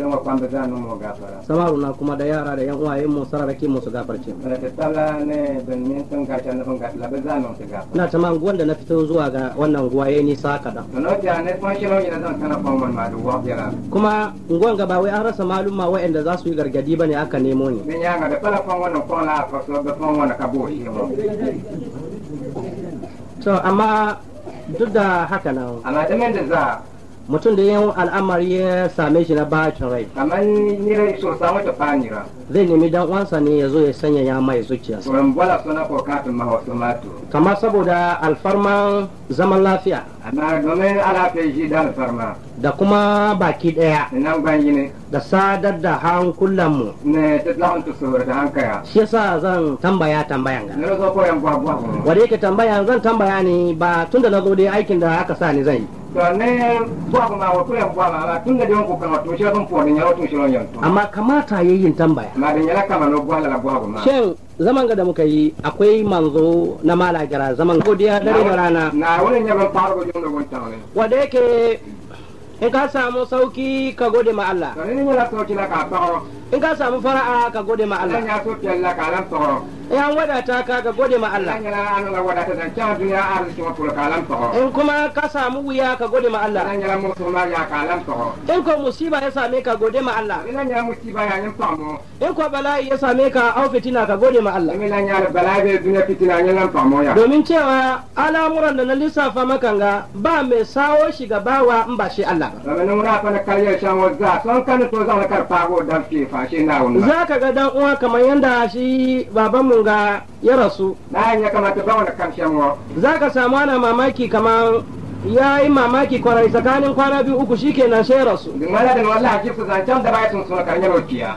girma kwanda da nan mu gafara samaru na kuma da yara da yan uwaye mu sararake mu su gafarce mu da tsalla ne ban min sun ga ta nufin ga labe za nan su gafara na tama anguwan da na fito zuwa ga wannan anguwa ni nisa kadan no ja ne kuma shi mai zan kana kuma man malu wa yara kuma anguwan ga ba wai an rasa malum ma waɗanda za su yi gargadi bane aka nemo ni min yanga da falafan wannan kona a fasu da kuma wannan kabo shi to amma duk da haka nan amma da za mutum da yin al'amari ya same shi na bacin rai kamar ni rai so samu ta fanira zai nemi dan uwansa ne ya zo ya sanya ya mai zuciya to bala suna ko kafin mahawa kamar saboda alfarman zaman lafiya amma domin ala ta shi da alfarma da kuma baki daya nan gwangi ne da sadar da hankulan mu ne ta da ta su da hankaya shi yasa zan tambaya tambayan ga na zo koyan gwagwa wanda yake tambaya zan tambaya ne ba tunda na zo dai aikin da aka sa ni zan yi to ne gwagwa ma wato yan gwagwa ma tunda da yanku kan wato shi zan fodin ya wato shi ron yanto amma kamata yayin tambaya ma da yana kama no gwagwa la gwagwa ma shin zaman ga da muka yi akwai manzo na malagara zaman godiya dare da rana na wannan ban fara gudun da wanta wani. wanda yake in ka samu sauki ka gode ma Allah ne ne na sauki na ka fara in ka samu fara'a ka gode ma Allah ya so Allah ka lan tsoro in an wadata ka ka gode ma Allah in kuma ka samu wuya ka gode ma Allah in ko musiba ya same ka gode ma Allah in ko bala'i ya same ka au fitina ka gode ma Allah domin cewa alamuran da na lissafa maka ga ba mai sawo shi gabawa in ba shi Allah ba. Zamanin wura fa na karyar shan wazza sun kan to zan karfa ko dan fifa. za ka ga dan uwa kamar yadda shi baban mun ga ya rasu ya kamata za ka samu ana mamaki kamar ya yi mamaki kwarai tsakanin kwana biyu uku shikenan sai rasu. Dimana da wallahi hakifta zancen da bayan sun suna karnyar wakiya.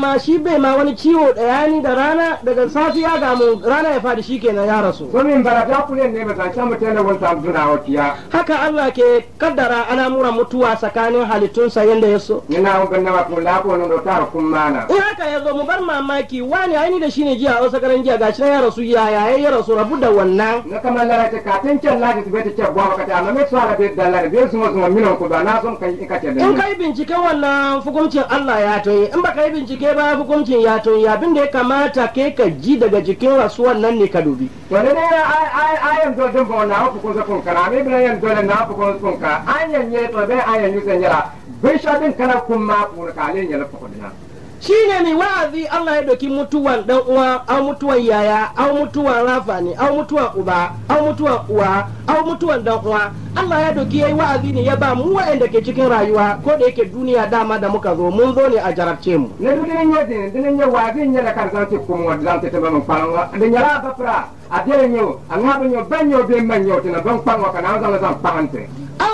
ma shi bai ma wani ciwo daya ni da rana daga safiya ga mu rana ya fadi shi kenan ya rasu somin barata kule ne ba ta can mutane wanta abdura wakiya haka Allah ke kaddara al'amuran mutuwa tsakanin sa yanda ya so ina ga na ko la ko no ta kun mana in haka ya zo mu bar mamaki wani ni da shine jiya a sakaran jiya gashi ya rasu ya ya ya rasu rabu da wannan na kamar lara ta katin can la ta bai ta ce gwa ka ta amma sai ala da lara bai su mu mu mino ku da na son kai in ka ce da in kai bincike wannan hukuncin Allah ya toye in ba kai bincike dai ba hukuncin ya to ya abin da ya kamata ke ka ji daga jikin rasuwan nan ne ka dubi wani ne ayan zo jin ba na hafi kun zakon kana ne bin ayan dole na hafi kun zakon ka ayan yi to bai ayan yi zanyara bai sha din kana kun ma kun ka ne ya lafa kudina shine ne wa'azi Allah ya doki mutuwan dan uwa au mutuwan yaya au mutuwan rafa ne au mutuwan uba au mutuwan uwa au mutuwan dan uwa Allah ya doki yayi wa'azi ne ya ba mu wa'anda ke cikin rayuwa ko da yake duniya dama da muka zo mun zo ne a jarabce mu ne dukkan ne dinin ya wa'azi ne da karsan ce wa dan ta tamba mun fara da yara ba fara a dare ne an ha ban yo ban yo ban yo tana ban kwan wa kana zan zan fahimta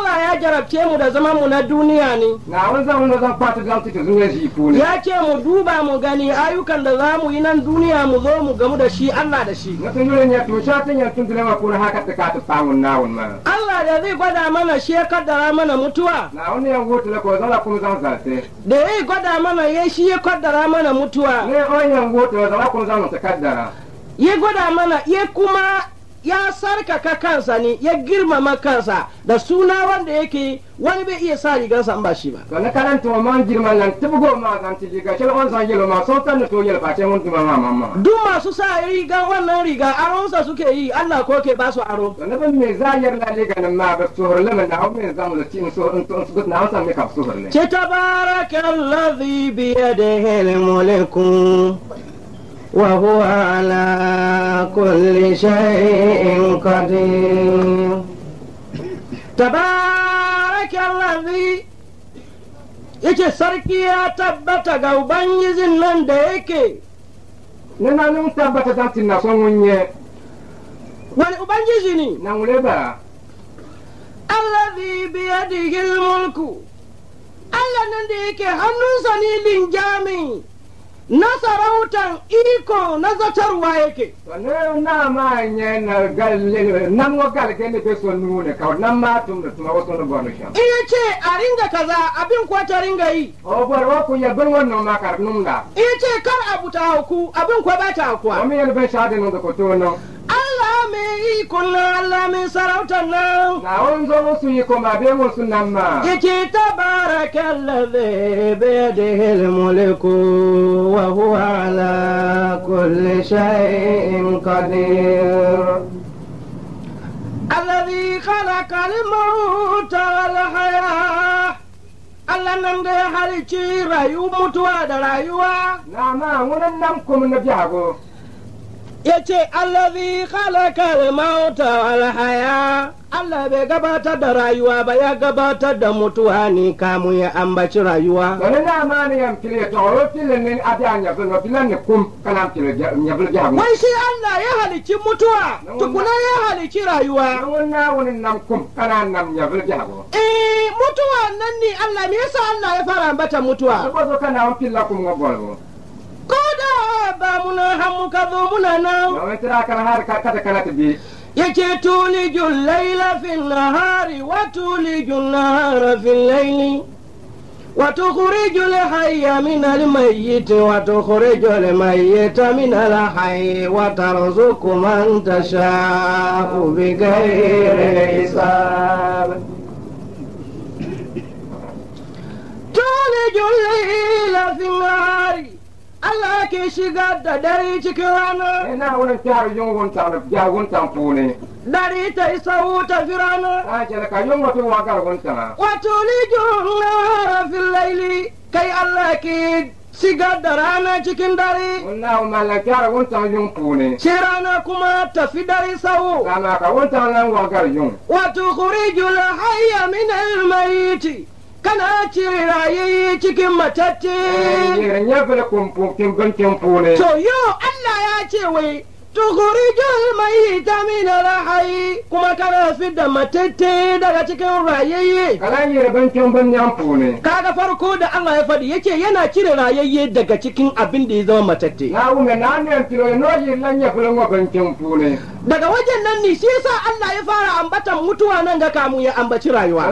Allah ya jarabce mu da zaman mu na duniya ne na wani zaman da zan kwata da ta zuwa shi ko ne ya ce mu duba mu gani ayyukan da za mu yi nan duniya mu zo mu gamu da shi Allah da shi na tun yurin ya to sha tun ya tun tilama ko na haka ta kata ta samun nawun mana Allah da zai gwada mana shi ya kaddara mana mutuwa na wani yan hoto na ko zala kuma zan zate da yayi gwada mana ya shi ya kaddara mana mutuwa ne on yan hoto zala kuma zan ta kaddara ya gwada mana ya kuma ya sarkaka kansa ne ya girmama kansa da suna wanda yake wani bai iya sa rigansa an ba shi ba kana karanta wa man girman nan tubgo ma kan tiji ga shel on san yelo ma so tan to yel face mun tuma ma mamma duk masu sa riga wannan riga aronsa suke yi Allah ko ke ba su aro kana ban me zayar yar la riga nan ma ba su horle man na me za mu da tin so in to su na san me ka su horle ce tabarakallazi bi yadihi mulku وهو على كل شيء قدير تبارك الذي yake sarki ya tabbata ga ubangijin nan da yake nena nun tabbata ta tinna son wunye wani ubangiji ne na wule ba allazi biyadihi mulku allah nan da yake hannunsa ne linjami na sarautan iko na zatarwa yake. Wani na ma nye na galile na mu galike ne fe so nune ka nan ma tun da tuma wasu nan bano shan. Iya ce a ringa kaza abin kuwa ta ringa yi. O bar wa ku ya bar wannan ma kar nun da. Iya ce kar abu ta hauku abin kuwa ba ta haukuwa. Wani yalbe shahadin da ko to nan. mai kullum Allah mai sarautar nan. Na wani zo musu yi kuma be musu nan ma. Kiki tabarakan lalle be da ilmuliku wa huwa ala kulli shay'in qadir. الذي خلق الموت والحياه Allah nan da ya halicci rayu mutuwa da rayuwa. Na ma wurin nan kuma na jago. ya ce allazi khalaqal mauta wal haya Allah bai gabatar da rayuwa ba ya gabatar da mutuwa ne kamun ya ambaci rayuwa wani na ma ne yan fili to wani filin ne a biya ya fili filin ne kun kana fili ya fili ya wai shi Allah ya halici mutuwa tukuna ya halici rayuwa wannan wani nan kun kana nan ya fili ya eh mutuwa nan ne Allah me yasa Allah ya fara ambata mutuwa zo kana an fili kuma gwalwa koda ba muna hamu ka zo muna nan yawai kan har ka kata kana ta bi yace tulijul laila fil nahari wa tulijul nahara fil laili wa tukhrijul hayya min al mayyit wa tukhrijul mayyita min al hayy wa tarzuqu man tasha'u bighayri hisab تولج الليل في النهار Allah ke shigar da dare cikin rana. Ina wurin tare yungun tare jagun tamfune. Dare ta isa wuta fi rana. Ta ce ka yungun fi wa gargun tana. Wato lijin na fi laili kai Allah ke shigar da rana cikin dare. Wannan umarnin kyara wuntan yun fune. Shi rana kuma ta fi dare sawo. Kana ka wuntan nan wa gargun. Wato kurijul hayya min almayiti. kana cire raye cikin matatti ya fara kumfin gunkin fune to yo Allah ya ce wai mai ta min la hayi. kuma kana fidda matatti daga cikin rayayye kalan yi rabancin banyan fune kaga farko da Allah ya faɗi yake yana cire rayayye daga cikin abin da ya zama matatti na ume na ne tiro no yi lanya ya fulan wa bankin fune daga wajen nan ne shi yasa Allah ya fara ambatan mutuwa nan ga kamu ya ambaci rayuwa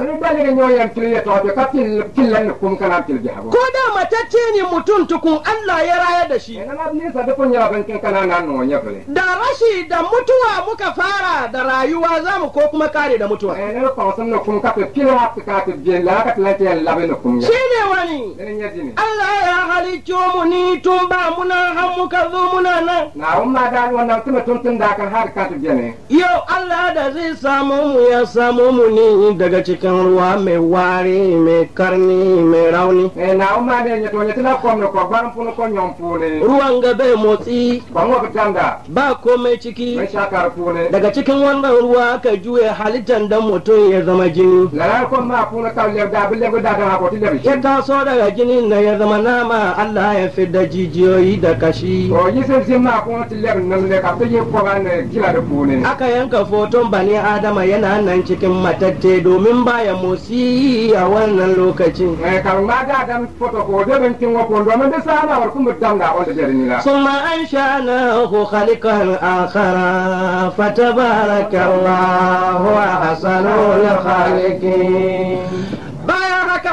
ko da matacce ne mutum tukun Allah ya raya da shi da rashi da mutuwa muka fara da rayuwa za mu ko kuma kare da mutuwa shi ne wani Allah ya halicci mu ni tun ba muna han ka zo muna nan na umma da wannan tun da kan har gani. Yau Allah da zai samu mu ya samu mu ni daga cikin ruwa mai wari mai karni mai rauni. Eh na umma da ya tonya tana kwam na kwabaran funu kon yon fune. Ruwan ga bai motsi. Ba mu ka tanda. Ba ko komai ciki. Mai shakar fune. Daga cikin wannan ruwa ka juye halittar da mutum ya zama jini. Lara ko ma funa ta le da bille da da ha ko ti da bi. Ya so daga jini na ya zama na ma. Allah ya fi da jijiyoyi da kashi. O yi sai sai ma funa ti le nan le ka ta yi fura ne kila da kunin. Aka yanka foton bani Adama yana nan cikin matatte domin baya musi a wannan lokacin. Eh karunga da dan foto ko da ban kin wakon domin da sana war kuma dan ga wanda jarini la. Summa anshana hu khaliqan akhara fatabarakallahu wa hasanul khaliqin.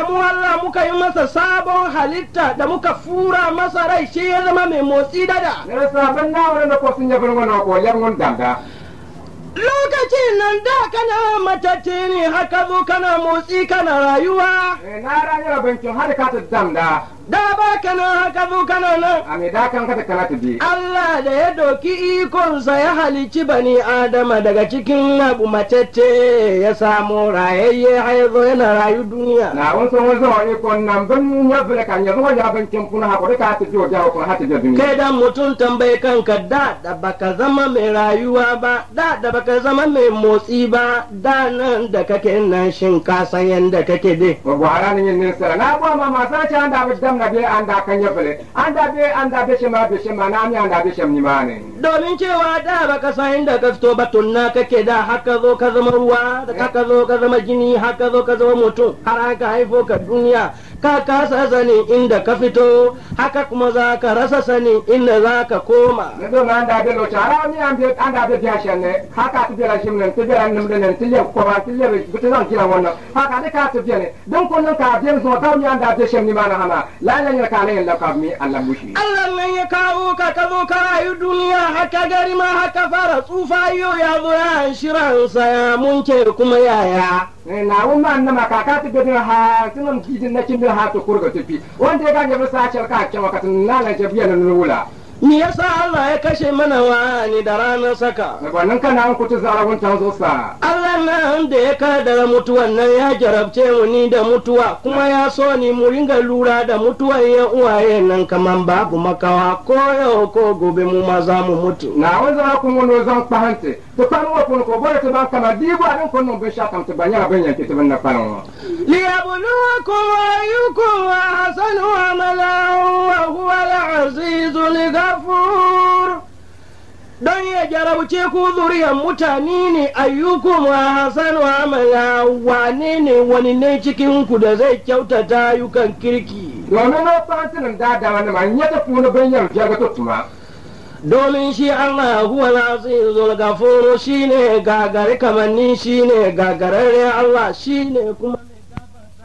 mu Allah muka yi masa sabon halitta da muka fura masa rai shi ya zama mai motsi dada ne sabon na wani da kwasin ya birnin wani ko yan danga. lokacin nan da kana matacce ne haka zo kana motsi kana rayuwa eh, na rayuwa bankin har ka ta daba kana haka zo kana nan a mai dakan kata kana ta biye Allah da ya doki ikonsa ya halici bani adama daga cikin abu matacce ya samu rayayye haizo yana rayu duniya na wani son wani zuwa ikon nan ban ya bula kan ya zuwa ya ban kin kuna hakuri ka ta jiwa jawo kun hata duniya kai dan mutum tambaye kanka da da baka zama mai rayuwa ba da da baka zama mai motsi ba da nan da kake nan shin ka san yanda kake dai gwagwara ne yin nisa na ba ma masa ci an da nga an da kan yafale anda be anda be shema be shema na mi anda be shem ni ma mane domin cewa da ba ka san inda ka fito ba tunna kake da haka zo ka zama ruwa da haka zo ka zama jini haka zo ka zama mutum har haka haifo ka duniya ka kasa sanin inda ka fito haka kuma za ka rasa sanin inda za ka koma nado na anda de lo chara mi ambe da de dia shane haka tu bira shimnen tu bira nim de nen tu ye ko ba tu ye bitu nan kila wonna haka de ka tu bira ne don ko nan ka de zo ta mi anda de shimni mana hana la la ne ka ne la ka mi Allah bushi Allah ne ya kawo ka ka zo ka ayu duniya haka gari ma haka fara tsufa yo ya zo ya shiransa ya munke kuma yaya na umma annama ka ka tu bira ha tunan gidin na kin hatu kurga tufi wanda ya gaje masa cewa ka ke wakati lalace biyan na nula me yasa Allah ya kashe mana wani da ranar saka wannan kana an kuta zarabun ta zo sa Allah na da ya da mutuwan nan ya jarabce mu ni da mutuwa kuma ya so ni mu ringa lura da mutuwan ya uwaye nan kaman babu makawa ko yau ko gobe mu ma za mu mutu na wanda ku mun zan fahimta to pam wa pon ko bore to ban kama dibo adan ko non be sha kam to banya banya ke to banna pam wa li yabluwakum ayyukum ahsanu amala wa huwa al-azizul ghafur don ya jarabce ku zuriyar mutane ne ayyukum wa hasan wa amala wane ne wani ne cikin ku da zai kyautata ayyukan kirki domin shi Allah huwa al-azizul shi ne gagare kamanni shine gagararre Allah shine kuma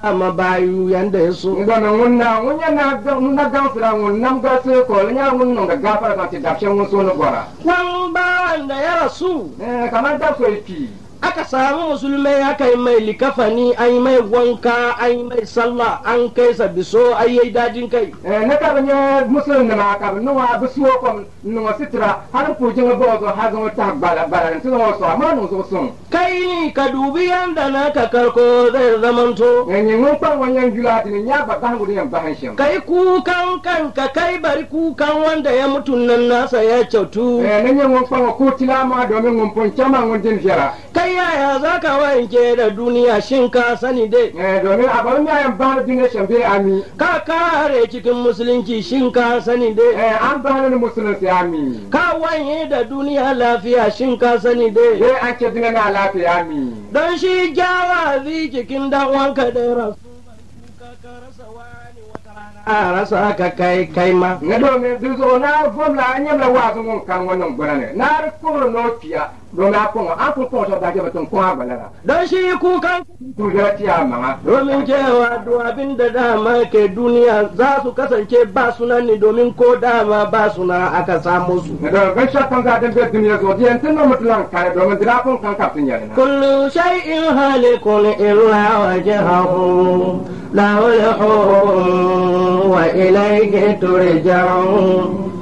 ama bayu yanda ya so ngana wunna wunya na ga na ga fira wunna ga se ko nya wunna ga gafara ka ti dafshen wun so na gora kwan ba da ya rasu eh kamar da ko yi aka samu musulmai aka yi mai likafani an yi mai wanka an yi mai sallah an kai sa biso an yi dadin kai eh, na kabanye musulun na maka no wa biso kom no wa sitra har ku jinga bozo har ga wata bala bala to wa so amma no so sun kai ni ka dubi yanda na ka karko zai zamanto eh, ne mun kwan wannan julati ne ya ba ban gudun yan bahan shin kai kukan ka kai bari kukan wanda ya mutu nan nasa ya kyautu ne eh, ne mun kwan ko ma domin mun fon kama mun din jara kai wai yaya za ka wanke da duniya shin ka sani dai eh, domin a bari yayin ba da dinga shamfe ami ka kare cikin musulunci shin ka sani dai eh, an ba da musulunci ami ka wanke da duniya lafiya shin ka sani dai eh an ce dinga na lafiya ami don shi jawa zi cikin dan wanka da rasu a rasa aka kai kai ma. Na domin zuzo na fomla an yi lawa sun kan wannan gura ne. Na rikon notiya don ga kun an kun kun da ke batun kun haɓa lara. Don shi kukan kujera ciya maha. Domin cewa duwabin da dama ke duniya za su kasance ba suna ni domin ko dama ba suna aka samu su. Da ban sha kan zaɗin bai duniya diɲɛ zo jiya tun na mutulan kare domin dira kun kan kafin yare. Kullu shai in hali kun illa wa jihahu lawale hu wa ilaihi turja'un.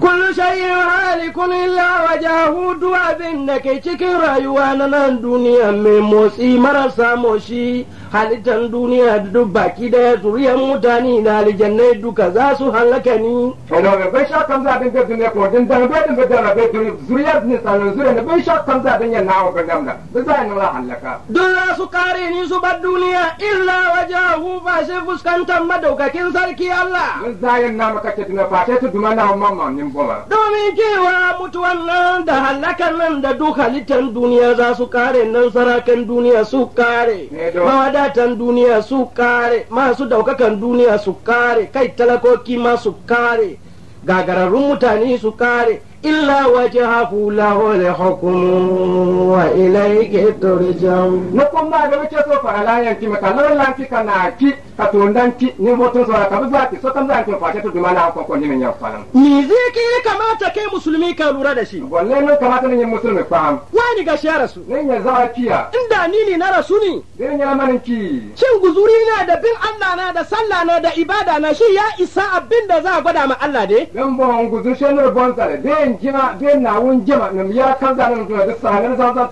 kullu shay'in halikun illa wajahu duk abin da ke cikin rayuwa na nan duniya mai motsi marasa moshi halittan duniya da duk baki daya zuriyar mutane na aljannai duka za su halaka ni hello be bai shak kamza din ga dunya ko din dan bai din ga dan bai turi zuriyar din sanan zuriyar ne bai shak kamza din yan nawo ga dan da za ni la halaka za su kare ni su bar duniya illa wajahu ba sai fuskantar madaukakin sarki Allah mun zayin na maka ta tuna fata ta duma na mamma nin bola domin kewa mutuwan nan da halakan nan da duk halittan duniya za su kare nan sarakan duniya su kare ba wadatan duniya su kare masu daukakan duniya su kare kai talakoki ma su kare gagararrun mutane su kare إلا وجهه له الحكم وإليك ترجعون نقوم ما غبي تشوف على ينتي مكان لا ينتي كان كي كتون دانتي نموتون زوا كبزاتي سو كم زاتي فاشة تدمان أو كم كوني من يفعلن نيزيكي كما تكي مسلمي كالورا دشي والله نو كما تني مسلم فهم وين غش يا رسول نين يزوا كيا إندا نيني نرى سوني دين يا من شن غزورينا دا بين الله نا دا صلى دا إبادة نا شي يا إساء بين دا زا غدا ما الله دي بين بون غزور شنو بون jima be nawun jima nam ya kaza nam to da sanan za za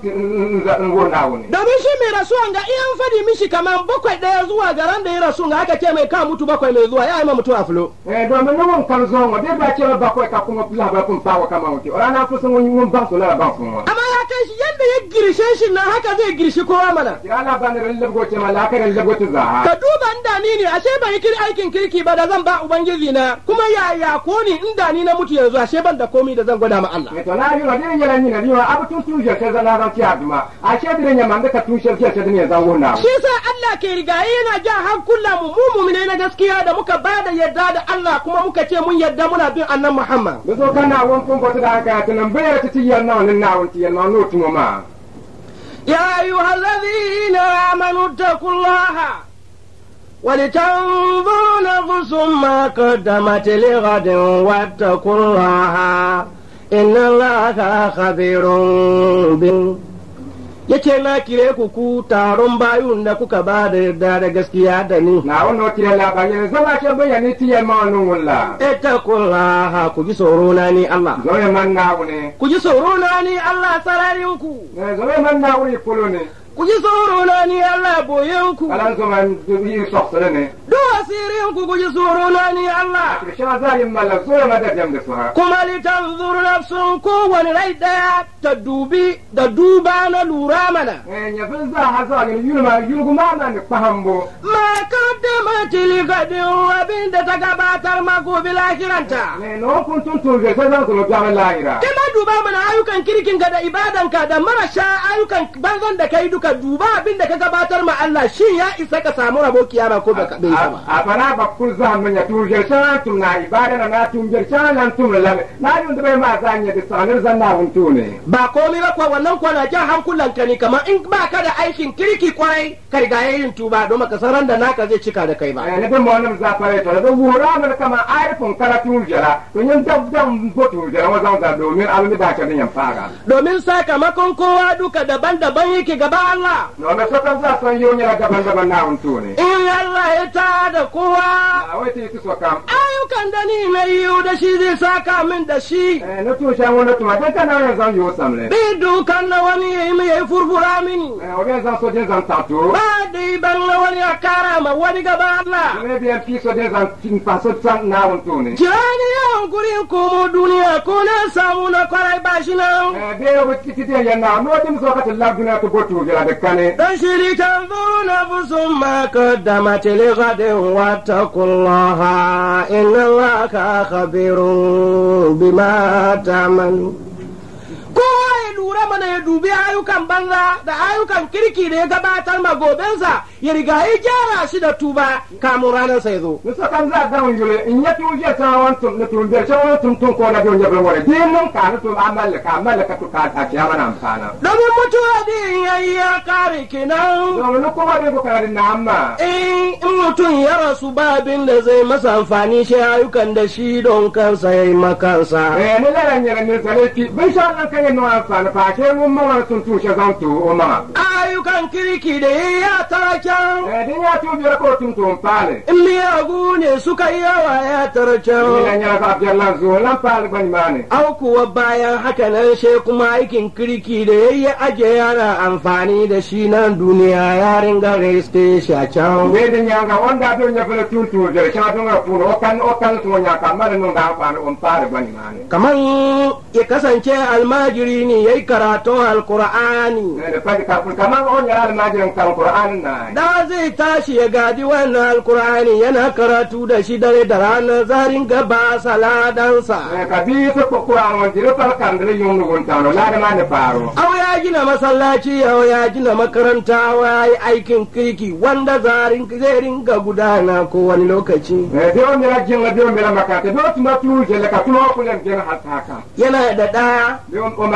zan go nawun domin shi mai rasuwan ga iyan fadi mishi kaman bakwai daya zuwa garan da ya rasu ga aka ce mai ka mutu bakwai mai zuwa ya yi ma mutu a fulo eh domin nan won kan zo wa ba ce bakwai ka kuma fula ba kun fawa kaman wuce rana fusun wani won ba su la ba su wa amma ya kai shi yadda ya girshe shi na haka zai girshi kowa mana ya la ban ran labgo ce ma la ka ran labgo za ka duba inda ni ne ashe ban yi aikin kirki ba da zan ba ubangiji na kuma ya ya ko ni inda ni na mutu yanzu ashe ban da komai da zan gwada ma Allah to na yi rodin yara ni na riwa abu tun tun je zan na zan tiya a ce dire ya manga ka tun ke ce dinan zan zawo na shi sa Allah ke riga yana ja hankula mu mu mu ne na gaskiya da muka bada yadda da Allah kuma muka ce mun yadda muna bin annan Muhammad Mu zo kana wankun ba da aka ta nan bayar ta tiyan na wannan na wannan tiyan na wannan ma يا أيها الذين آمنوا اتقوا الله ولتنظر نفس ما قدمت لغد واتقوا الله إن الله خبير ya ce na kire ku ku taron bayun da kuka ba da yarda da gaskiya da ni na wannan wata la ba yanzu zama ke bayani tiye ma wannan ta ita kullaha ku ji tsoro na ni Allah zoye man na wune ku ji tsoro na ni Allah sarari ku zoye man na wune kulo ne ku ji tsoro na ni Allah boyen ku alan kuma yi sosai ne duk asirin ku guji tsoro na ni Allah. Kuma litan zuru nafsun kowane rai ɗaya ta dubi da duba na lura mana. Eh, ma kaddama tili gadin abin da ta gabatar ma gobe lahiranta. Eh, Kima duba mana ayukan kirkin ga da ka da sha ayyukan banzan da kai duka duba abin da ka gabatar ma Allah shin ya isa ka samu rabo kiyama ko baka kama afana bakul zaman ya tun jershan tun na ibada na na tun jershan nan tun lalle na dun da bai ma zanya da sanar zanna hun tune ba komai ba kwa wannan kwa na ja hankulan ka ne kamar in ba ka da aikin kirki kwarai ka riga yayin tuba don maka saran da naka zai cika da kai ba ne da mu wannan za fare to da wura mun kama aifin karatu jara to yin dab dab botu jara wazan da domin abin da ka yan fara domin sakamakon kowa duka daban-daban yake gaba Allah no me sokan za san yau ne daban-daban na hun tune in Allah ya ta kowa da kowa. Ayyukan ah, da ni na yi da shi zai saka min da shi. Eh, na tushen wani tuma don kana yin zan yi wasan ne. Bi dukan na wani ya yi mai ya yi furfura mini. Obe zan so zan tato. Ba da yi ban na wani ya kara ma wani gaba Allah. Ne biyan fi so zan tin faso san na wunto ne. Jani yawan gurin komo duniya ko na samu na kwarai ba shi nan. Be eh, yau kiti da yana no dim so ka tilla duniya to go gira da kane. Dan shiri kan na fusun ma ka da matele ga عباده واتقوا الله إن الله خبير بما تعملون lura mana ya dubi ayyukan banza da ayyukan kirki da ya gabatar ma gobensa ya riga ya gyara shi da tuba kamun ranar sa ya zo. Nusa kan za ta wani jure in ya tuji ta wani tun tun bai cewa tun tun ko na tun ya bai wani din mun ka na tun amalla ka amalla ka tun a ta ciya mana amfana. Domin mutuwa din ya yi ya kare kenan. Domin kuma dai ko kare na amma. Eh in mutum ya rasu ba abin da zai masa amfani shi ayyukan da shi don kansa ya yi makansa. Eh ni lalanyar ne sai ki bin sha Allah kan yi amfana. Alfashe mun mawa sun tushe zan tu umma. Ayyukan kirki da ya tara can. Eh, Ɗadin ya tu biyar ko tun tun Mi ya ne suka yi yawa ya tara can. ya ka biyar lan zo lan fale ban ma ne. aw kuwa bayan haka nan she kuma aikin kirki da ya yi aje yana amfani da shi nan duniya ya ringa reste shi a can. din ya ga wanda don ya fara tun tun da shi don ya kan o kan sun ya kamar nun ga amfani on fale ban ma ne. Kamar ya kasance almajiri ne ya Eh, yi karatun alkur'ani kaman da zai tashi ya gadi wannan alkur'ani yana karatu da shi dare da ranar zarin gaba saladansa eh, ka ya gina masallaci aw ya gina makaranta wa yi aikin kirki wanda zarin zai ringa gudana ko wani lokaci yana da daya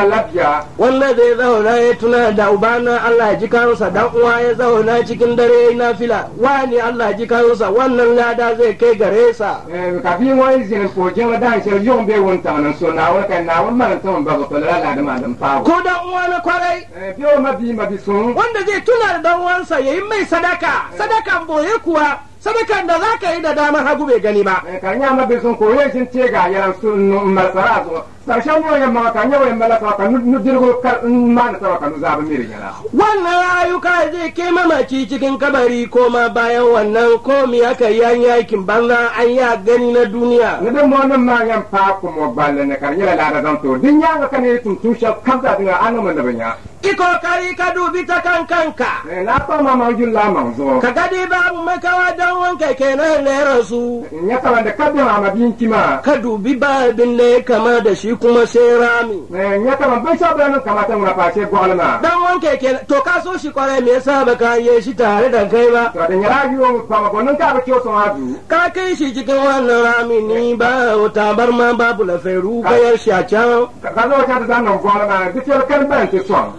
lafiya wanda zai zauna ya tuna da ubana Allah ya ji kansa dan uwa ya zauna cikin dare ya nafila wani Allah ya ji kansa wannan lada zai kai gare sa eh, kafin wani zai ko je wa dan shi yau bai wanta tan so na wa kan na ta wani ba ko la da ma dan fawo ko dan uwa na kwarai biyo eh, ma bi ma bi sun wanda zai tuna da dan uwansa yayin mai sadaka sadakan boye kuwa sadakan da za ka yi da dama hagu bai gani ba. Eh, kanya ma bai sun koyi sun ce ga yaran sun masara su. Sarshen wayan ma kanya wayan mala sa kanu nudirgo kar in ma na sa nu zaɓin mirin yana. Wannan ayyuka zai ke mamaci cikin kabari ko ma bayan wannan ko mi aka yi an yakin banza an yi gani na duniya. Ni dan mu wannan ma yan fa kuma balle ne kan yala da zan to din ya ga yi tun tushe kan da an mun da banya. yi kokari ka dubi ta kankanka. kanka. Eh, na fa mama ma zo. Ka gadi babu makawa dan wanka na ne rasu. In ya ka da ma bin kima. Ka dubi babin ne kama da shi kuma sai rami. Eh, in ya kama bai sha bayanin kamata mu rafashe gwalma. Dan wanka ke to ka so shi kwarai me yasa ba ka yi shi tare da kai ba. To dan ya rayu ma gonin ka ba kiyo ha haju. Ka kai shi cikin wannan rami ni ba wata bar ma babu ga yar shi a can. Ka zo ta da zanen gwalma duk yar kan ban ki son.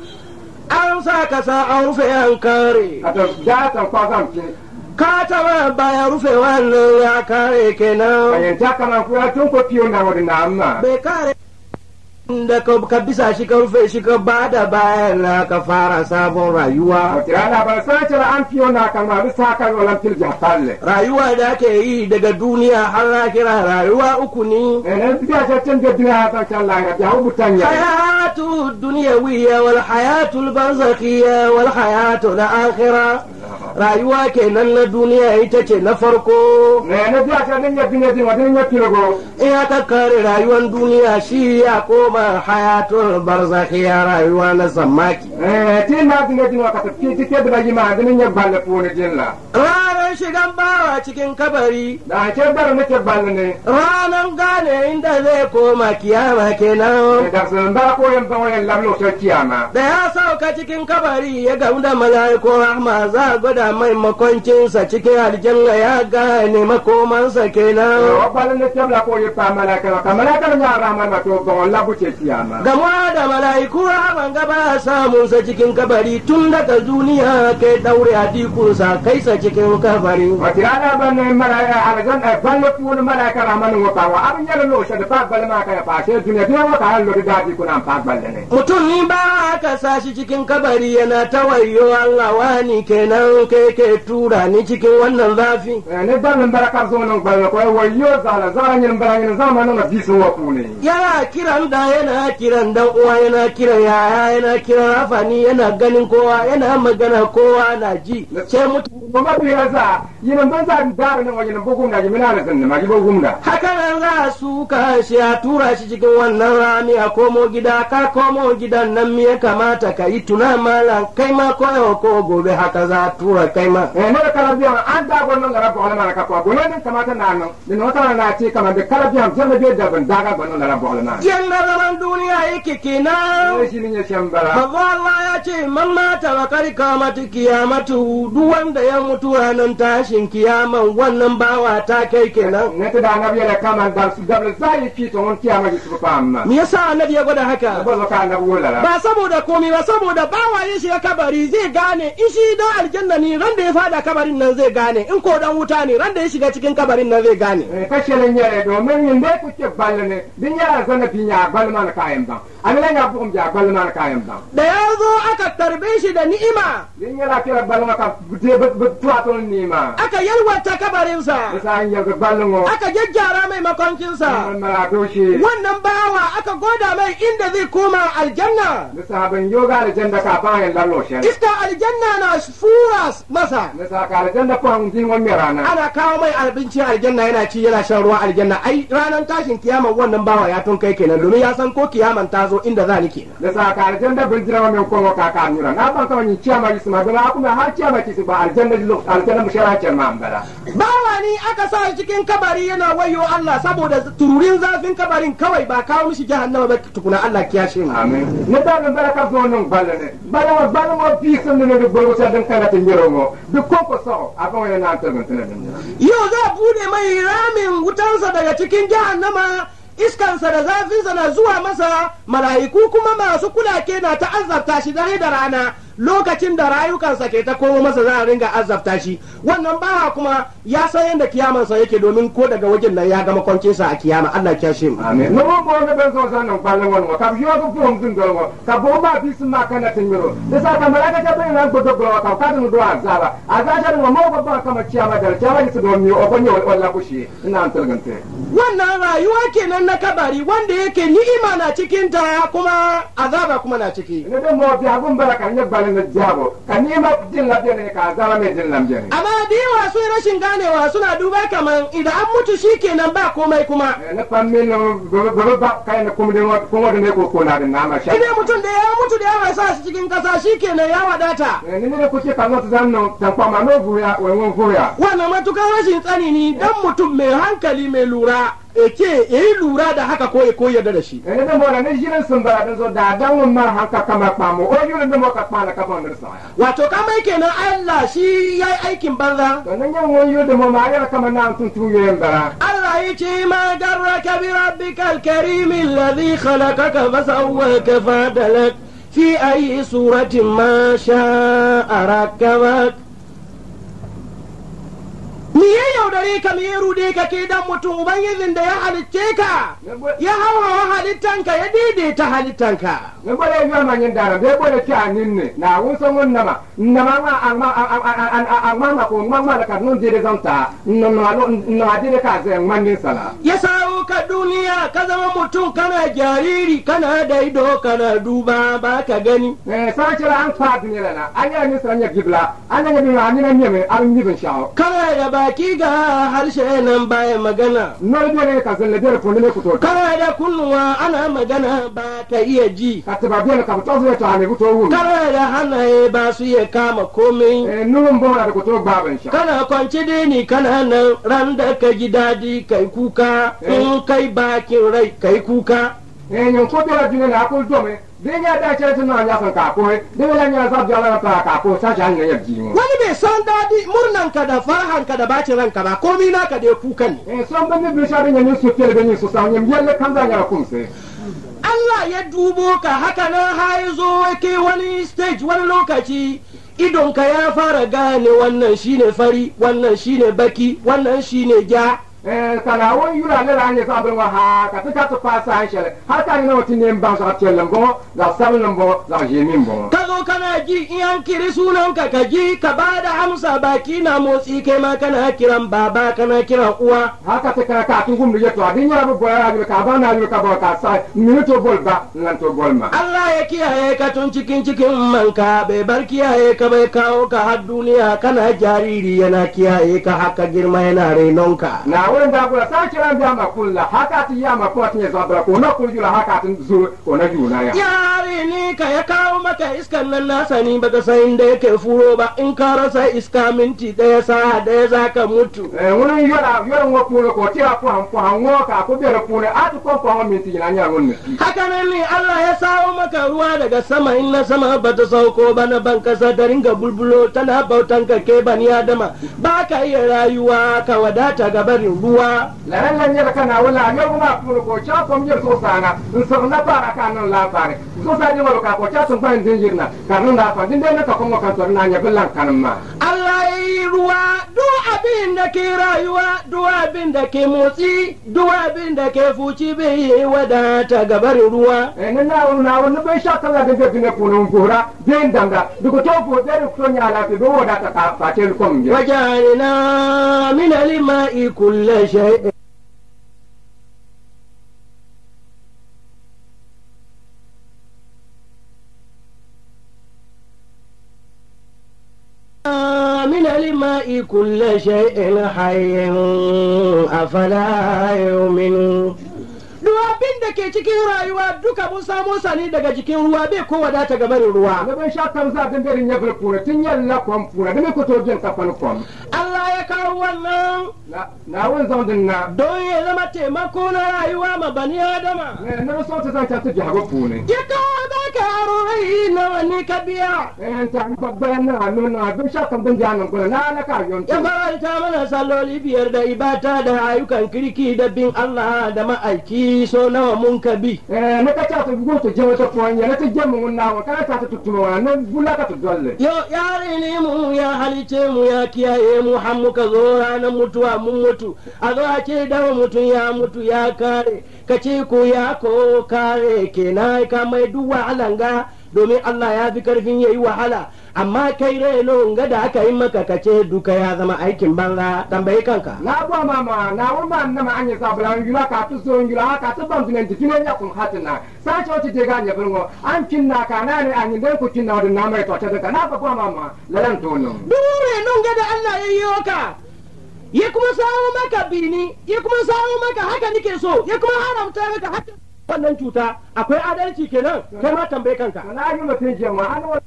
an sa ka sa an rufe yan kare ka ta ba baya rufe wannan ya kare kenan bayan ta kana kuwa tun ko fiye na wani na amma bai kare da ka bisa shi ka rufe shi ka ba da bayan na ka fara sabon rayuwa. Rana ba sace da an fiyo na ma bisa kan olamfil jafalle. Rayuwa da ake yi daga duniya har na kira rayuwa uku eh, ne. Ene biya shaccen da duniya ta can lahira da hau mutan ya. Hayatu duniya wiya wal hayatu al barzakiya wal hayatu al akhira. Rayuwa kenan na duniya ita ce na farko. Ene biya shaccen da duniya din can lahira da hau mutan ya. Iyakar kare rayuwar duniya shi ya ko ma hayatul ya rayuwa na samaki. eh ti na dinga dinga ka tafi ti ke da bagi ma ganin ya balla fone la. ranan shigan bawa cikin kabari da ke bar muke balle ne ranan gane inda zai koma kiyama kenan eh, da sun ba ko yan ba wayan lallo ta kiyama da ya sauka cikin kabari ya ga da malaiko rahma za gwada mai sa. cikin aljanna ya gane sa kenan eh, wa balle ne bla ko ya fa malaka malaka ya rahma ma to bon labuti ce kiyama gama da mala'iku rahaman gaba samun sa cikin kabari tun daga duniya kai daure hadikun sa kai sa cikin kabari wata ban ne mala'ika algan a falle kun mala'ika rahmanin wata wa abin yana no shi da fagbal ma kai fashe duniya duniya wata har lori daji kuna fagbal ne mutum ni ba ka sashi cikin kabari yana tawayyo Allah wani kenan kai ke tura ni cikin wannan zafi eh, ne ban ne barakar zo nan gbalwa kai wayyo zala zara yin barakar zamanin da bisu wa kune yana kiran da yana kiran dan uwa yana kiran yaya yana kiran afani yana ganin kowa yana magana kowa na ji ce mutu ma bi yasa yinan ban sa da nan wajen bugun da jimina na san ma bugun da haka nan za su ka shi a tura shi cikin wannan rami a komo gida ka komo gidan nan me ya kamata ka yi tuna malam kai ma ko ko gobe haka za a tura kai ma eh ne ka rabiya an da gwanon ga rabu wala mara ka ko gwanon din kamata na nan ne wata na ce kamar da kala biya jama'a da ban ga gwanon gara rabu wala na zaman duniya yake kenan manzo Allah ya ce man mata wa karka mata kiyamatu duk wanda ya mutu ranar tashin kiyaman wannan bawa ta kai kenan ne ta da annabi ya kama da su gabar sai fi ta on kiyama ki su amma me yasa annabi ya gwada haka ba saboda komai ba saboda bawa ya kabari zai gane in shi dan aljanna ne ran da ya fada kabarin nan zai gane in ko dan wuta ne ran da ya shiga cikin kabarin nan zai gane eh, fashe nan yare domin yin dai kuke balle ne din yara sana finya ballane mana kayan ban amila nga bukum ja bal mana kayan ban da yazo aka tarbe shi da ni'ima yin yana kira ballon aka bude tuwaton ni'ima aka yalwata kabarinsa aka gyaggyara mai makonkinsa wannan bawa aka goda mai inda zai koma aljanna iska aljanna na fura masa ka ana kawo mai abinci aljanna yana ci yana shan ruwa aljanna ai ranar tashin kiyama wannan bawa ya tun kai kenan domin ya san ko kiyaman ta zo inda za ni kenan da sa ka aljanna bin jira mai ka kaka ran a ban kawani ciyama yi suma gaba kuma har ciyama ki ba aljanna lo aljanna musharacin ma ambala bawani aka sa cikin kabari yana wayo Allah saboda tururin zafin kabarin kawai ba kawo mishi jahannama ba tukuna Allah kiyashe mu amin ne da ban baraka zo non balla ne balla balla mo fi sun ne da gurbu sa dan kana tinjiro mo duk ko ko so aka wani na ta mun tana yau za bude mai ramin wutansa daga cikin jahannama iskansa da zafinsa na zuwa masa mala'iku kuma masu kulake na ta'azzarta shi dare da rana lokacin da rayukansa ke ta komo masa za a ringa azabta shi wannan bawa kuma ya san yadda kiyamansa yake domin ko daga wajen nan ya ga makwancinsa a kiyama Allah ya shi amin no bo ne ben so san nan kwalan wannan ka biyo ko mun din dolgo ka bo ma bi sun ma kana miro da sa ta malaka ta bin nan godo godo ka ka dun duwa azaba jar mu mu babba kama kiyama da kiyama su don mi o gonye wallahi shi ina an talgante wannan rayuwa kenan na kabari wanda yake ni'ima na cikin ta kuma azaba kuma na ciki ne dan mu bi abun baraka ne na jabo ka nima jin lafiya ne ka zama mai jin lafiya ne amma da wasu sun rashin ganewa suna duba kaman idan an mutu shi kenan ba komai kuma eh, na fammi na gobe ba kai na kuma wata kuma ne ko ko na da nama sha idan mutum da ya mutu da yawa sa shi cikin kasa shi kenan ya wadata eh, ne ne kuke kan wata zanno tan kwama no buya wai won buya wannan matukar rashin tsani ne dan mutum mai hankali mai lura ce e yi lura da haka ko ko yarda da shi ene eh, da mora ne jiran sun bara da zo da dan mun ma haka kama kamo o yi da moka kwana ka ban sa wato kama kenan Allah shi yai aikin banza to nan yan wani da mu ma ya kama nan tun tun yayin bara Allah yi ce ma ka bi rabbikal karim alladhi khalaqaka fasawwaka fadalak fi ayi suratin ma sha'a rakabak mi ya yaudare ka mi ya rude ka ke dan mutum ubangijin da ya halicce ka ya hawa halittanka ya daidaita halittanka ne gore yi ma yin dara be gore ki nin ne na wun san wun nama nama ma amma amma ma ko ma ma da nun dai zan ta na ma no na dire ka zai man sala ya sawo ka duniya ka zama mutum kana jariri kana da ido kana duba ba ka gani eh sai an fa duniya na an yi ni san ya gibla an yi ni ma ni ne me an yi bin shawo kana da baki ga harshe nan baya magana. ne ka zalla biyar ko ne kuto. Kara da kunnuwa ana magana ba ta iya ji. Ka taba biyar ka to zuwa ta hane kuto wuni. Kara da hannaye ba su iya kama komai. Eh nuhun bora da kuto ban sha. Kana kwanci ni kana nan ran da ka ji dadi kai kuka. Eh. In kai bakin rai kai kuka. Eh ko biyar jini na akul dome. benya da ce tun na ya san ka ko da wala ya zab jala ka ka ko sa jan ya ji wani bai san dadi murnan ka da farhan ka da bacin ranka ba komai naka da kukan ne eh san ban bi sha ban yin su tel ban yin su kan zan ya kun Allah ya dubo ka haka nan har zo yake wani stage wani lokaci idonka ya fara gane wannan shine fari wannan shine baki wannan shine ja kana eh, won yura ne ran ne fabul wa ha ka ta ta fa sa shele ha ka ne wotin ne ban sa tellen go ga sablan bo ga jemin bo ka zo kana ji iyan kiri sunan ka ka ji ka ba da amsa baki na motsi kai ma kana kiran baba kana kiran uwa haka ta ka tun gumdu yato adin yara bo boya ga ka ba na ka ba ka sa minuto bol ba nan to bol ma Allah ya kiyaye ka tun cikin cikin manka bai bar kiyaye ka bai kawo ka har duniya kana jariri yana kiyaye ka haka girma yana rainonka na wenda gula sanchi ran da ma kulla hakati ya ma kwat ne zabra ko na kuljula hakatin zo ko na juna ya yari ni ka ya kawo maka iskan nan na sani baka san da yake furo ba in ka rasa iska minti daya sa daya ka mutu eh wurin yola yola wo ko ko ti apu han ko han wo ka ko bere ko ne atu ko ko minti na nya won ne haka nan ne Allah ya sawo maka ruwa daga sama in na sama bata sauko ba na ban kasa ta ringa bulbulo tana bautan ka ke adama ba ka iya rayuwa ka wadata gabarin ruwa la rallan yel kana wala yel kuma kuma ko cha ko mi so sana in so na para nan la pare so sa ni wala ka ko cha so fa din jirna nan da fa din da ka kuma kan to na nya kan ma Allah yi ruwa duk abin da ke rayuwa duk abin da ke motsi duk abin da ke fuci bai yi wadata gabar ruwa eh na na wani bai sha kala da ga ne ko nan gora bin danga duk to ko da ko nya la ta do wadata ka fa min شيء من الماء كل شيء حي أفلا يؤمنون ke cikin rayuwa duka mun samo sa ne daga jikin ruwa bai ko wadata ga barin ruwa na ban sha kan za dan garin ya fura tun yalla kwan fura da me ko to jin kafan kwan Allah ya kawo wannan na wani zaman din na don ya zama taimako na rayuwa ma bani adama na so ta zan ta ji hawa fune ki ka ba ka ruhi na wani ka biya eh ta ni babban na nuna ban sha kan dan janan kula na na ka yon ya faranta mana salloli biyar da ibata da ayyukan kirki da bin Allah da ma'aiki so nawa mun ka bi eh ne ka ta to go to je wata ko anya ne ta je mun na wa kana ta ta tutuma wa nan bula ka to dolle yo yare ne mu ya halice mu ya kiya kiyaye mu har muka zo mutu mutuwa mu mutu a zo a ce dawa mutum ya mutu ya kare ka ce ko ya ko kare kenan ka mai duk wahalan ga domin Allah ya fi karfin yayi wahala amma kai reno ga da aka yi maka kace duka ya zama aikin banza tambayi kanka na ba mama na wa ma na ma anya sa bla yula ka tu so yula ka tu ban tunan ti tunan ya kun hatin na sa ce wata jega ne bin an kin na ka na ne an dai ku kin na da na mai to ta daga na ba ba mama lalan tono duk dure non ga da Allah ya yi ka ya kuma samu maka bini ya kuma samu maka haka nike so ya kuma haramta maka haka wannan cuta akwai adalci kenan kai ma tambaye kanka na yi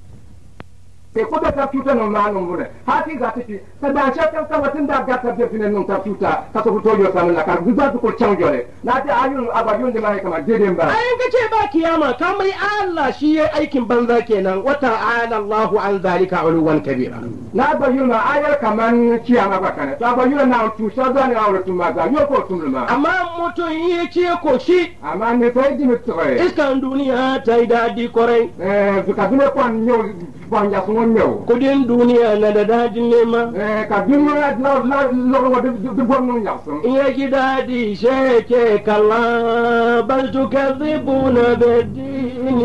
kekuda tafuta no mano mure hati gatiti tadansha ta tawatin da gata de finen non tafuta ta to to yo sanala ka guza to ko changjole na ta ayun abadun da mai kama deden ba ayin kace ba kiyama kamai Allah shi yayi aikin banza kenan wa ta'ala Allah an zalika ulwan kabira na bayyana ayar kaman kiyama ba kana ta bayyana na tu shadani awra tu maza yo ko tumma amma mutun yi ce ko shi amma ne sai dimitri iskan e duniya ta yi dadi korai eh zuka dole kwan yo ban ya sun lew ko den duniya na da dadin nema eh ka bin na na na ko de ko mun yaso ya ji dadi sheke kala bal tukadhibuna bid-din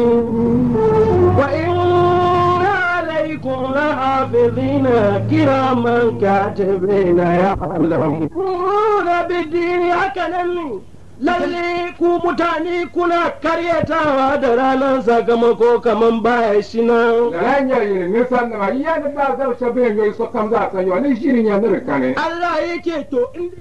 wa in عليكم لحافظين كراما كاتبين يعلمون بالدين أكلمي lalle ku mutane kuna karyatawa da ranar sakamako kamar baya shi nan ganyar yi nisan da ma iya da ba zaushe bayan yi so kam za a sanyo ni shirin yanar kane Allah yake to in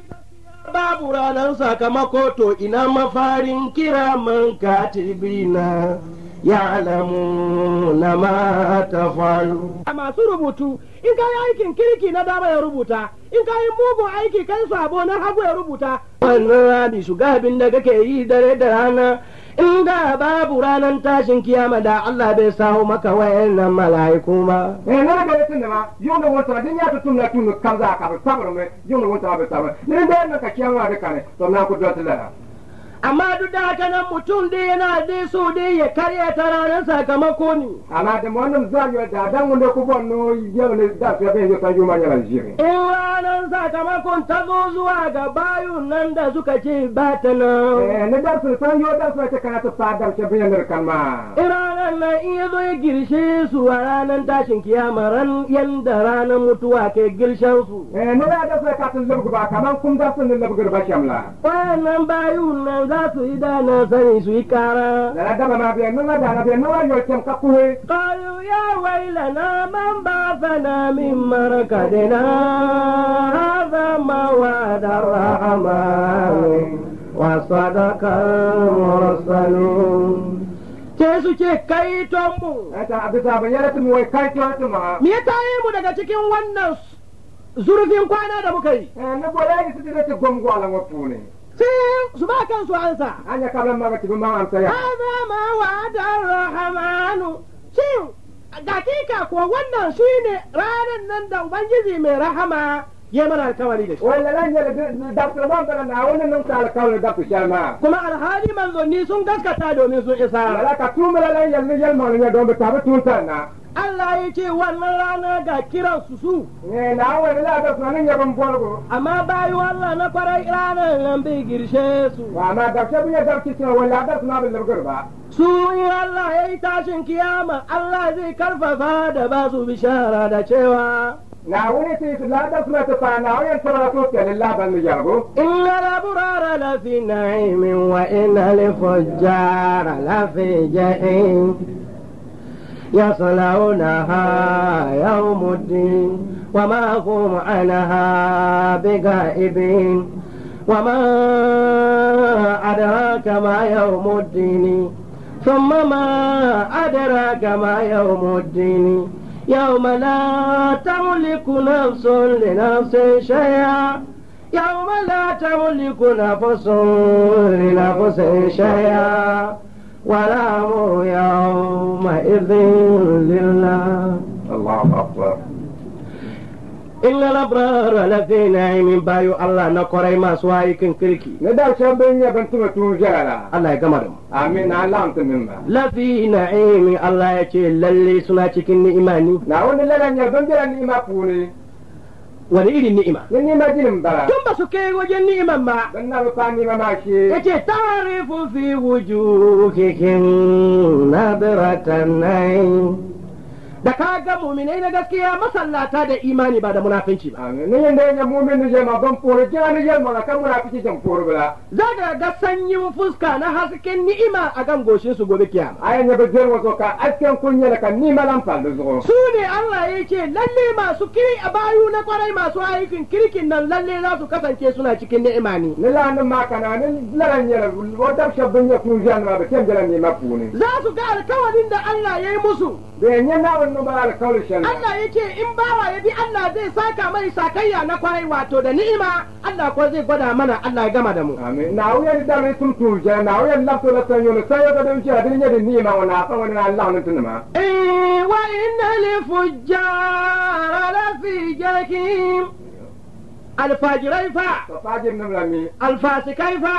babu ranar sakamako to ina mafarin kira man katibina ya alamu na mata falu. A masu rubutu, in ka aikin kirki na dama ya rubuta, in ka mugun aiki kai sabo na hagu ya rubuta. Wannan rami shugabin da kake yi dare da rana in da babu ranar tashin kiyama da Allah bai saho maka nan mala'iku ma eh na ga da ma yau da wata din ya tutum na tunu kan za ka sabar mai yau da wata ba sabar ne da na ka kiyama da kare to na ku dotala amma duk da haka nan mutum da yana da so da ya karya ta ranar sakamako ne ala da wannan za ya da dan wanda ku bonno yau ne da ka bai ta yi mana lanjiri in ranar sakamakon ta zo zuwa ga bayun nan da suka ce ba ta nan eh ne da su san yau da su ta kana ta sadar ta bayan kalma in ranar nan in ya zo ya girshe su a ranar tashin kiyama ran yanda ranar mutuwa kai girshen su eh ne da su ka tun lubgu ba kaman kun da sun lubgu ba shamla wannan bayun nan za su yi da na sani su yi kara. Nana dama ma biyan nuna da na biyan nuna yau kyan kakuhe. Kayu ya waila na man ba fana min markadina haza ma wa da rahama wa sadaka mursalun. sai su ce kai tonmu. Eta abisa ban yara tumi wai kai tonmu ma. Me ta yi mu daga cikin wannan zurfin kwana da muka yi? Eh na bola yi su ce gwamgwalan wapu ne. su ba kansu ansa an ya kalan ma baki ma amsa ya hada ma wa'ada rahmanu ko wannan shine ranar nan da ubangiji mai rahama ya mana alkawari da shi walla lan ya da kuma na wannan nan ta alkawari da ku shama kuma alhali manzonni sun gaskata min sun isa ka tumala lan la ne yalma ne don ba ta ba tutan na Allah yi ce wannan rana ga kiran su su. Ne na wani la ta sunanin ya ban bolgo. Amma bayi Allah na kwarai ranar nan bai girshe su. Ba ma da ke bin ya dauki cewa wala da suna bin labgar ba. Su in Allah ya yi tashin kiyama Allah zai karfafa da ba su bishara da cewa. naawuni laadas ma tufaa naawiyan saraatuutka lillaaban mijargu inna laburaara lafi naciimin wa inna lifujjaara lafi jaxiim يصلونها يوم الدين وما هم عنها بغائبين وما أدراك ما يوم الدين ثم ما أدراك ما يوم الدين يوم لا تملك نفس لنفس شيئا يوم لا تملك نفس لنفس شيئا والأمر يومئذ لله الله أكبر illa labrar lafi na yi min bayo Allah na kwarai masu aikin kirki na da shan bin ya ban tuma tun jara Allah ya gama da mu amin Allah amsa min ba lafi na min Allah ya ce lalle suna cikin ni'ima ni na wani lalan ya ban jira ni'ima fure wani irin ni'ima ni ni'ima jinin ba tun ba su kai wajen ni'iman ba dan na rufa ni'ima ma shi yace tarifu fi wujuhikin nadratan nayi da ka ga mu'minai na gaskiya masallata da imani ba da munafinci ba ne yanda ne mu'min je ma ban pore ga ne yanda ma kan munafiki jan pore bala za ka ga sanyin fuska na hasken ni'ima a gan goshin su gobe kiyama ayan bi bajar wato ka asken kunya da kan nima lan fal da zuwa su ne Allah ce lalle masu kiri a bayu na kwarai masu aikin kirkin nan lalle za su kasance suna cikin ni'ima ne ne lanin ma kana ne laran yara wata shabbin ya kun jan ma ba kyan jalan ne ma pune za su ga alkawarin da Allah ya yi musu da yanyan Allah yake in bawa ya bi Allah zai saka mai sakayya na kwarai wato da ni'ima Allah ko zai gwada mana Allah ya gama da mu amin na wuya da mai sun tuje na wuya da to la tanyo na sayo da a dinya yadin ni'ima wa na san wani Allah ne tunuma eh wa inna lil fujjar la fi jahim alfajirai fa fajir namla me alfasikai fa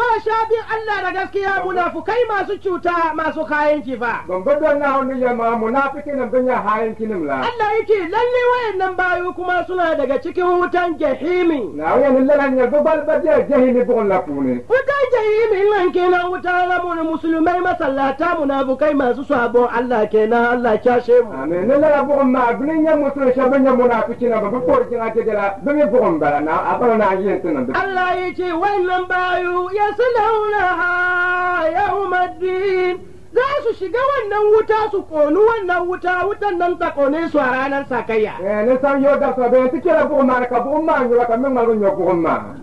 ma sha bin Allah da gaskiya munafukai masu cuta masu hayanci fa gombe don na hannu ya ma munafiki nan bin ya nan kinimla Allah yake lalle nan bayu kuma suna daga cikin wutan jahimi na wayan lalan ya gobal badiya jahimi bugun lafune wutan jahimi nan kenan wutan ramun musulmai masallata munafukai masu sabon Allah kenan Allah kyashe mu amin lalan bugun ma bin ya mutu shabin ya munafiki na ko korkin ake dala ne bugun bara na a bara na ajiyar tunan da Allah yi ce wannan bayu ya salauna ha yawmaddin za su shiga wannan wuta su konu wannan wuta wutan nan ta kone su a ranar sakayya eh ne san yau da sabe tike da bugun ma ka bugun ma ka min marun yo bugun ma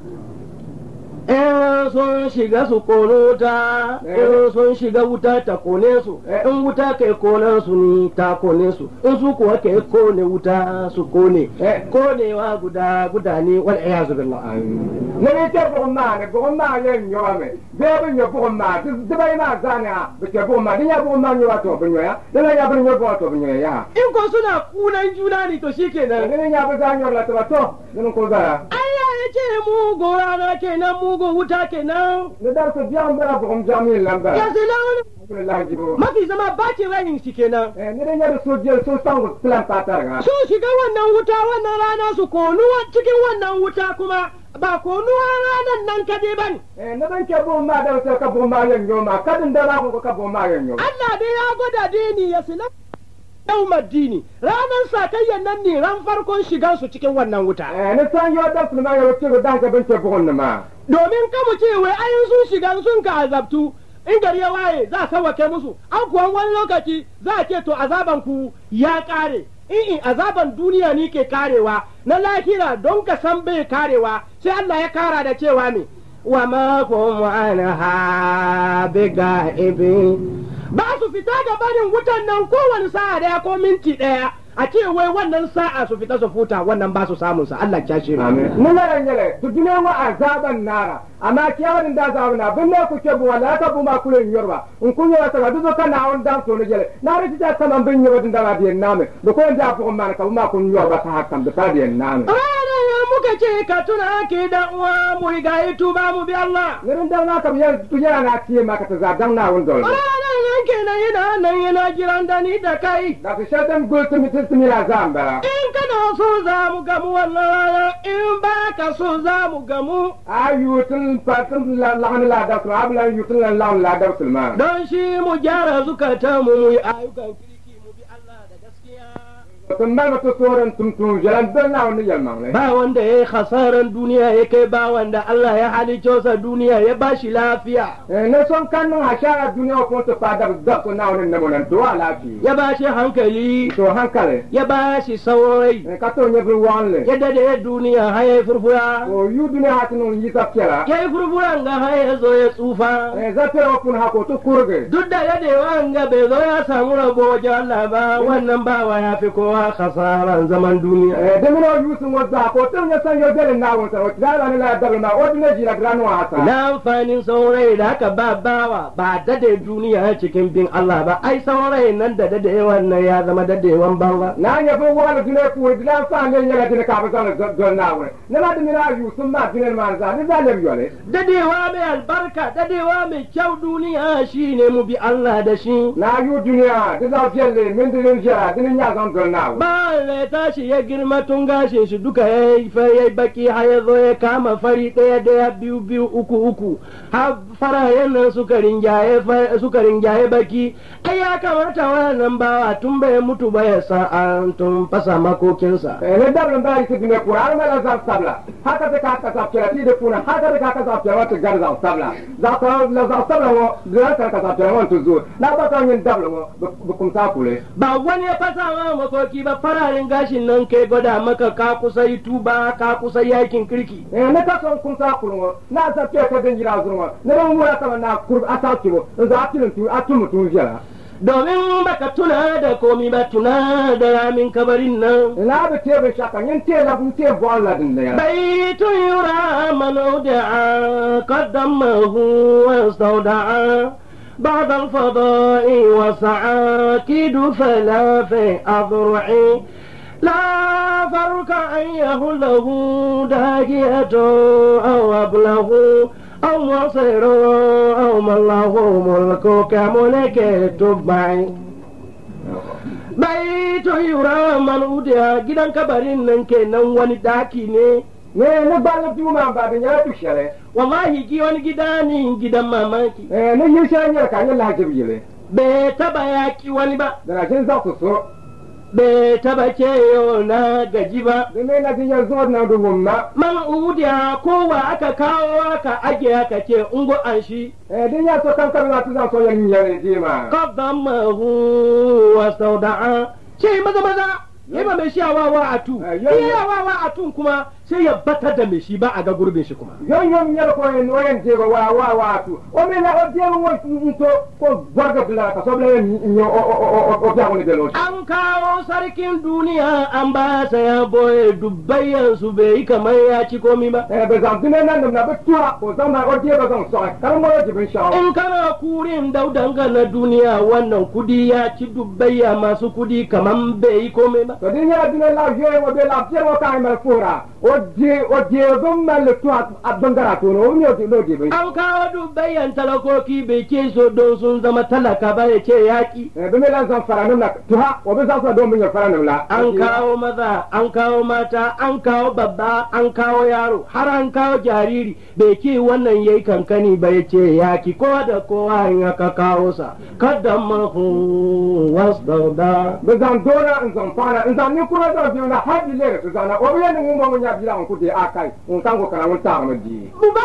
in sun shiga su kono ta in sun shiga wuta ta kone su in wuta ke konan su ni ta kone su in su kuwa ke kone wuta su kone konewa guda guda ne wal iyaz billah ne ne ta bugun ma ne bugun ma ne nyowa me be bin ya bugun ma da bai ma zane ha be ke bugun ma din ya bugun ma nyowa to bin ya da na ya bin ya bugun to bin ya in ko suna kunan juna ne to shikenan ne ya bi zanyo la to to ne ko za Allah ya ce mu gora na kenan mu bugo wuta nan. ne dar ko jam bara ko jam lamba ya zilan alhamdulillah jibo mafi zama ce wani shi kenan eh ne dan so sojiyar sun san plan fatar ga su shiga wannan wuta wannan rana su konu cikin wannan wuta kuma ba konuwa ranan nan ka kaje ban eh na ban ke bon ma da ka bon ma yanyo ma kadin da ba ko ka bon ma yanyo Allah dai ya goda dini ya silan yau dini ranar sakayyan nan ne ran farkon shigan su cikin wannan wuta. Eh, ni san yau da su da ga bince buhun ma. Domin kamu ce wai ayin sun shigan sun ka azabtu in gari ya waye za a sawake musu an kuwa wani lokaci za a ce to azaban ku ya kare in in azaban duniya ne ke karewa na lahira don ka san bai karewa sai Allah ya kara da cewa ne وما هم عنها بغائبين ba su fita da barin wutan nan kowane sa'a daya ko minti daya a ce wai wannan sa'a su fita su futa wannan ba su samun sa Allah ya shi mu. Mu ne ne to wa azaban nara amma ki harin da zawna bin ku ke bu wala ta bu ma buma kulen yorba in kun yora ta duzo kana on dan to ne gele na riti da sama bin yoro din da ba biyan name da ko da ku man ka ma kun yorba ta hakan da ta biyan name ana ya muka ce ka tuna ki da uwa mu ga itu ba mu bi Allah garin da na kam ya tunya na ma ka ta zadan na won dole ana ya ke na yana nan yana jiran da ni da kai da ku shadan gultu mi la zamba in ka na so za mu gamu wallahi in ba ka so za mu gamu tun da fatin la'anin ladar sulma abin yutin la'anin ladar sulma don shi mu gyara zukata mu mu yi ayyukan kiri ba wanda eh, ya yi hasaran duniya ya kai ba wanda Allah ya halicosa duniya ya ba shi lafiya na son kannan hashara duniya kuma ta fadar da su na wani namunan to lafiya ya ba shi hankali to hankali ya ba shi saurai eh, ka to ne bir wanle ya da da duniya haye furfura o yu duniya hatin yi zafira ya yi furfura nga haye zo eh, ya tsufa zafira kun hako to kurge duk da ya dewa nga bai zo ya samu rabo wajen Allah ba wannan wa ya fi kowa wa khasaran zaman duniya Eh de mino yusun wadda ko tun ya san yaudare na wata wata da ne la da na odi ne jira gran wa ta. na amfanin saurayi da haka ba bawa ba dade duniya cikin bin Allah ba ai saurayi nan da dade wannan ya zama dade wan banza na ya fi da dine ku da dina fa ne ya da ka ba zan don na wa na la mino yusun ma dine ma za ni za le yole wa mai albarka wa mai kyau duniya shine mu bi Allah da shi na yu duniya da za fiye min dinin jira dinin ya zan don na Bayan ya tashi ya girma tun gashin shi duka ya yi ya baki har ya zo ya kama fari ɗaya ɗaya biyu biyu uku uku har farayen nan suka rinjaye baki. Ai ya kamata wannan bawa tun bai mutu ba ya san an tun fasa makokinsa. Eh, ne dablan ba yi sigime kura har mala za sabla. Haka ta kaka sa kira ti da kuna haka ta kaka sa kira wata gar za sabla. Za ta la za sabla wo za ta kaka sa wata zuwa. Na ba ta yin dablan wo bukumta kule. Ba wani ya fasa wa makoki. baki ba fararen gashin nan kai gwada maka ka kusa yi tuba ka kusa yakin kirki eh na ka son kun sa kurwa na sa ko den jira kurwa na ban wura kama na kur ata kibo za atilin tu tumu tun jira domin baka tuna da komi ba tuna da ramin kabarin nan. Na te tebe shaka yin te na kun te bo Allah din da ya. Bai tun yura man da qaddamahu wa sauda'a بعد الفضاء وسعاكد فلا في أضرعي لا فرك أن يهن له أو أبله أو مصير أو من له ملك كملك التبع بيت يرى من أودها جدا كبرين كنا ونداكي ne ba bala tuma ba bin ya tu share wallahi gi wani gida ni gidan mamaki eh ne yi shanyar ka ne lahajib yire be taba yaki wani ba da rajin za ku so be taba ke yo na gaji ba da me na jin yanzu na dubun ma man udiya ko wa aka kawo aka age aka ce ungo an shi eh din ya so kan kan na tuzan so yan yare ji ma qaddamahu wa sauda'a ce maza maza yaba mai shawawa a tu iya wawa a tun kuma sai ya bata da mai shi ba a ga gurbin shi kuma yon yon yar ko yin wayan jego wa wa wa tu o me la o je wa to ko gwarga bila ka so bla yin yo o o ta wani delo an kawo sarkin duniya an ba sa ya boye dubbai yansu bai kamar ya ci komi ba eh ba zan dinan nan na ba tuwa ko zan na o je ba zan so kar mo je jibin shawo in kana kurin daudan ga na duniya wannan kudi ya ci dubbai ya masu kudi kaman bai komai ba to dinya dinan la yo wa be la je ta mai fura o jeegon malle an kawo dubbayan talakoki bai ke so don sun zama talaka ba ya ce yaki lan san faranin na to o bi sa so don min faranin la an kawo maza an kawo mata an kawo babba an kawo yaro har an kawo jariri bai ke wannan yayi kankani ba ya ce yaki kowa da kowa in aka kawo sa kadda mahu wasdauda bi zan dora in zan fara in zan ni kuma zan biyo na hadile ga zana o bi ne mun ba mun ya jira mun kuje a kai mun kan ko kana mun ta mun di buba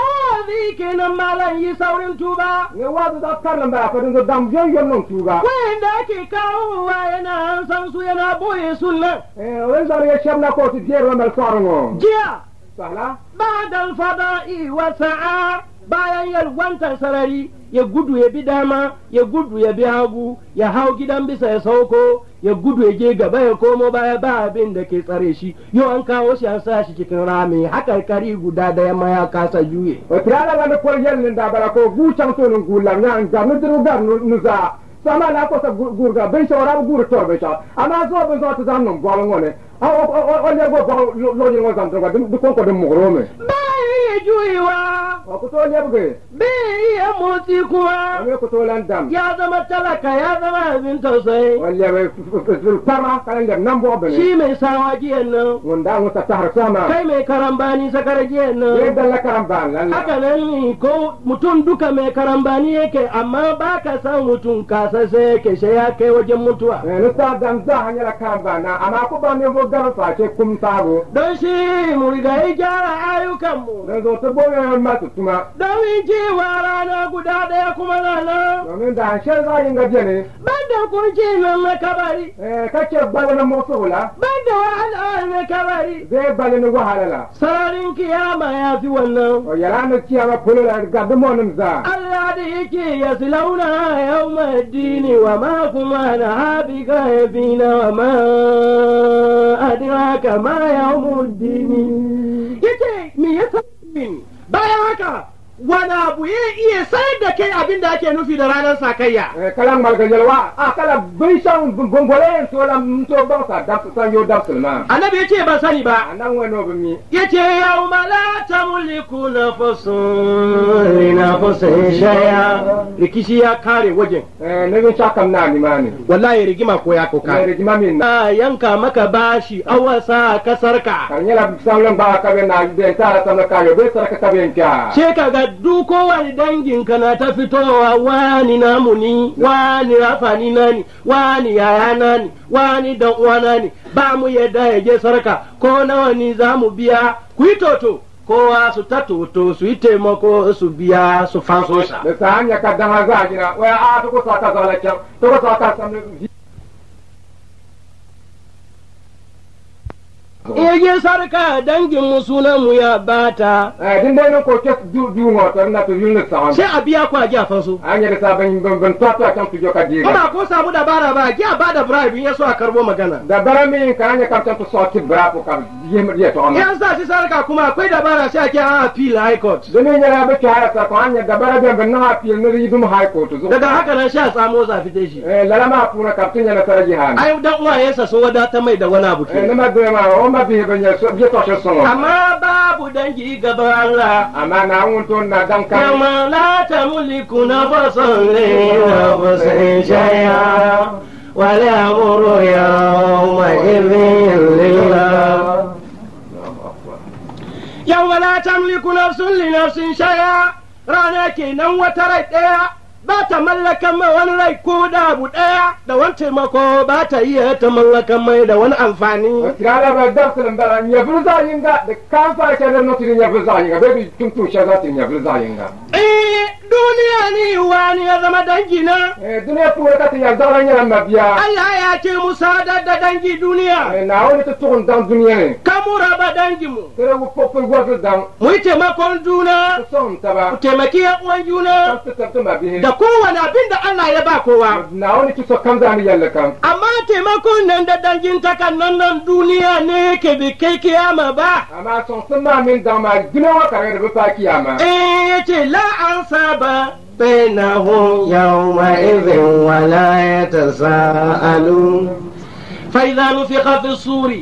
wi kenan yi saurin tuba ne wa da karnan ba fadin da dam yon yon non tuba wanda ke kawo wa na an san su na bo ye yana boye sunna eh wanda ya shamna ko ti jero mal farango jiya sala ba dal fada'i wa sa'a bayan yalwantar sarari ya gudu ya bi dama ya gudu ya bi hagu ya hau gidan bisa ya sauko ya gudu ya je gaba ya komo baya ba abin da ke tsare shi yau an kawo shi an sa shi cikin rami haka kari guda da yamma ya kasa juye o tirala wani koriyar nin da bara ko gucan so nin gulan nan ga nu diru ga nu za sama na ko sa gurga bin shawara gura torbe ta amma zo bin zo ta zannon gwalon wani o o o o ne go go lo ni ga ko ko dun mo rome ba iya juyewa wa kuto lebge bai iya motsi kuwa wa kuto landam ya zama talaka ya zama abin tausayi walle bai zulfara kalan da nan bo bane shi mai sawa giyan nan wanda mu ta tahar sama kai mai karambani sakar ne nan ya dalla karambani lan haka ni ko mutum duka ye. kɛ a ma ba ka san mutum k'a sase shi ya kɛ wajen mutuwa eh nusa dan za hanyar karambani amma ku ba ne go garfa ce kum taro don si mu ga gyara ayyukan mu kan zo ta boye yan ma tutuma dan wiki wara na guda daya kuma na nan domin da hanshen zayin gaje ne ban da kunci nan na kabari eh kake balana mafula ban da wahala na kabari zai balana wahala sararin kiyama ya fi wannan o yara na kiyama fulula ga dumonin za Allah da yake ya silauna yawma dini wa ma kuma na habika yabina wa ma adraka ma yawmud dini yake me yasa Bayan America. wani abu ya iya sayar da kai abin da ake nufi da ranar sakayya. Eh, kalan margajal wa a ah, kala bai shan gongole yin la to ba sa da san yo da sulma. annabi ce ban sani ba. anan wani obin mi. yace m'a la tamliku nafsun nafsun shay'a rikishi ya kare wajen. Eh, ne bin shakam na ne. wallahi rigima ko ya koka. Eh, rigima min na. a yanka maka bashi awasa kasarka. kan yana sauran ba ka na da ta ta ka yo bai sarka ka ben ka. sheka ga takardu kowai danginka na ta fitowa wani namu ni wani rafani na ni wani yaya na ni wani dan uwana ne ba mu yadda ya je sarka ko nawa ni za mu biya ku yi toto kowa su ta toto su yi taimako su biya su fansosa. sa. Da ta hanyar ka dama za a gina waya a ta kusa ta zaune can ta kusa ta samun eje sarka dangin mu sunan mu ya bata eh din dai ko ke du du ngo to na to yulne sa sai abiya ko aje afan su anya da saban ban ban to to kan tujo ka diga ba ko da dabara ba ki ba da bribe in yaso a karbo magana dabara mi ka anya kan to so ki ko kan yem ya to ona yan sa shi sarka kuma akwai bara sai ake a appeal high court don ne yara ba kara ta ko anya dabara ban ban na appeal na dum high court daga haka nan sha samo za fite shi eh lalama na kaptin ya na taraji hana ai dan uwa yasa so wada ta mai da wani abu ke eh na ma oh, Omba bi be nya so bi to so so. Amma babu dangi gaba Allah. Amma na wun to na dan kan. Amma la tamliku nafsan la nafsin shay'a. ولا أمر يومئذ لله يوم لا تملك نفس لنفس شيئا رانك نوة رأيت ba ta mallakan mai wani rai ko da abu ɗaya da wani taimako ba ta iya ta mallakan mai da wani amfani. da ba da su lambara yabir za yin ga da kan fara kenan notin yabir za yin ga bai tun tushe za ta yabir za yin ga. Eh, duniya ni wani ya zama dangi na eh duniya tu wata ta yarda ran yana mabiya Allah ya ce musa da da dangi duniya eh na wani ta tukun dan duniya ne kamura ba dangi mu kare ku popin gwata dan mu ce makon juna son ta ba ku taimaki ya uwan juna da kowane abin da Allah ya ba kowa na wani ki so kan za mu yalla kan amma taimakon nan da dangin ta kan nan nan duniya ne ke bi kai kiyama ba amma son sun ma min dan ma gina wa kare da ba kiyama eh ce la an sa ba بينهم يومئذ ولا يتساءلون فإذا نفخ في الصور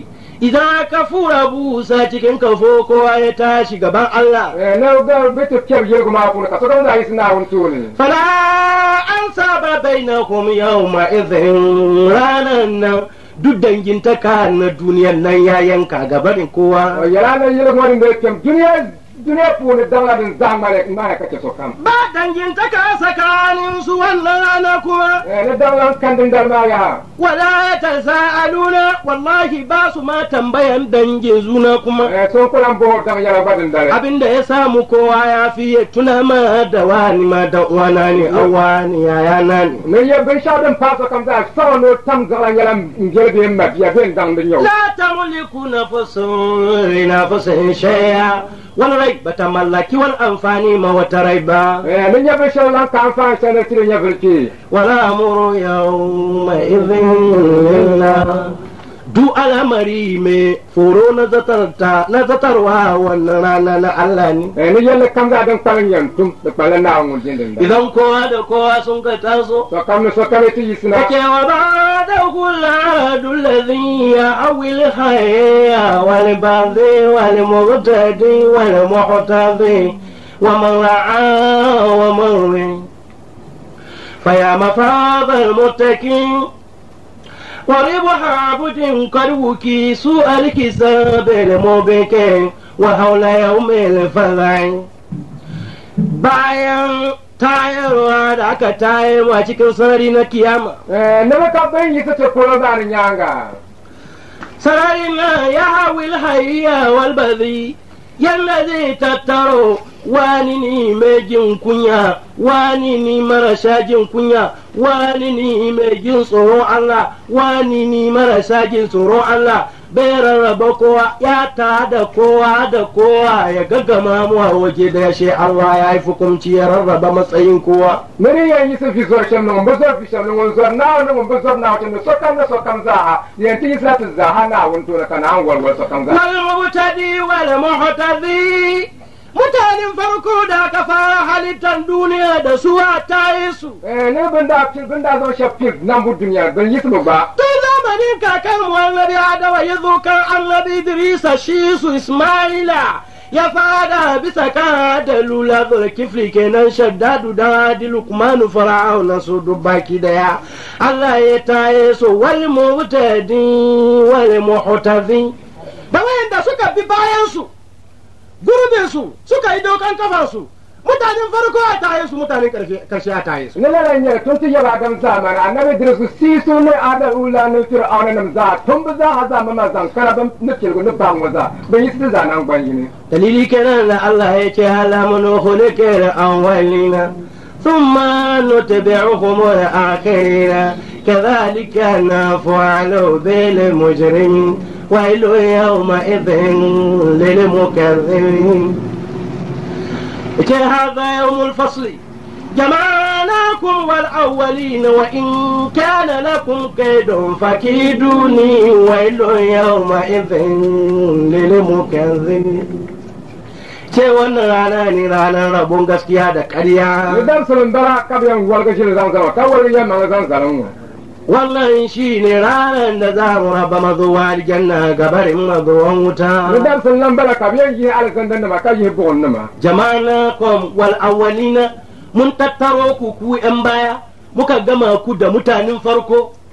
idan aka fura busa cikin kafo kowa ya tashi gaban Allah. Eh, na ga bitu kyau ya kuma kuna kaso don zai suna wani tuni. an saba bai na kuma yau ma izin ranar nan duk dangin ta na duniyar nan ya yanka gabanin kowa. Oh, ya ranar yi kuma da kyau duniya duniya puuni daŋla din zahama rek ka chɛ sokam ba dangin dangintakaa sakaaninsu wannan rana kuma na daŋla n kandin dar maa yaha wala sa'aluna wallahi ba su ma tambayan dangin zuna kuma sun kulan bohor daŋ yala ba din dare abinda ya samu kowa ya fi ya tuna ma da wani ma da uwana ne awani ya yaya na ne ya bin sha din fasa kam da so no tam zalan yala n gel bi ma biya bin daŋ din yau la tamliku nafsun li nafsin shay'a wala rai bata mallaki wani amfani ma wata rai ba. Eh, min yafi shaunan ka amfani sanar cire ya Wala amuru yau mai izin na. duk al'amari mai foro na zatarta na zatarwa wannan rana na Allah ne eh ni yalla kam da dan yan yantum da kwalin na mun din da idan kowa da kowa sun ka taso to kam ne so kam ti suna. ke wa ba da kula dul ladhi ya awil hayya wal ba'di wal mubtadi wal muhtadi wa man ra'a wa man ya mafadhal muttaqin waribu ha abudin kariwu ki su alikisa bere mo beke wa haula ya umel falai bayan tayaro da aka taye mu a cikin sarari na kiyama eh ne ba ka ban yi kace ko da nyanga sarari na ya hawil hayya wal walbazi. yalla zai tattaro wani ni mai kunya wani ni marasa jin kunya wani ni mai jin tsoron Allah wani ni marasa jin tsoron Allah bai rarraba kowa ya ta da kowa da kowa ya gaggama mu a waje da ya she Allah ya yi hukunci ya rarraba matsayin kowa. Miri ya yi sufi zorshen nan ba zofi shanun wani zor na wani mun ba zor na wata da sokan na sokan yi ya ti sa ta zaha na wani tura kana an warwar sokan zaha. Wal mutadi wal muhtadi mutanen farko da aka fara halittar duniya da suwa ta yi su. Eh, ne bin da fi bin da zo shafi na mu duniya don yi su ba. Tun zamanin kakan annabi Adawa ya zo kan annabi Idrisa shi su Ismaila. Ya fada bisa kan da lula kifli kenan shaddadu da di lukmanu na su dubaki da daya. Allah ya yi su wal mu'tadin wal mu'tadin. Da wayanda suka bi bayan su. gurbin su suka yi dokan kafa su mutanen farko a taye su mutanen karshe a taye su nila ran yar tun tiya bagan zaman annabi dirsu si su ne da ula ne fir auna nam za tun ba za a zama ma zan kara ban ne kirgo ne ban waza ban yi su zanan gwanyi ne dalili kenan da Allah ya ce halamunu khulikir awwalina ثم نتبعهم الآخرين كذلك bele بالمجرمين ويل يومئذ للمكذبين هذا يوم الفصل جمعناكم والأولين وإن كان لكم كيد فكيدوني ويل يومئذ للمكذبين ce wannan rana ne ranar rabon gaskiya da ƙarya. Idan sun dara kabiyan wargashi da zan zama, kawai yamma zan zaren wa. wannan shi ne ranar da za mu raba mazuwa aljanna gabarin mazuwan wuta dan sun nan bala kabiyar yi alisandan da maka yi bugun nama jama'ana kom wal awwalina mun tattaro ku ku yan baya muka gama ku da mutanen farko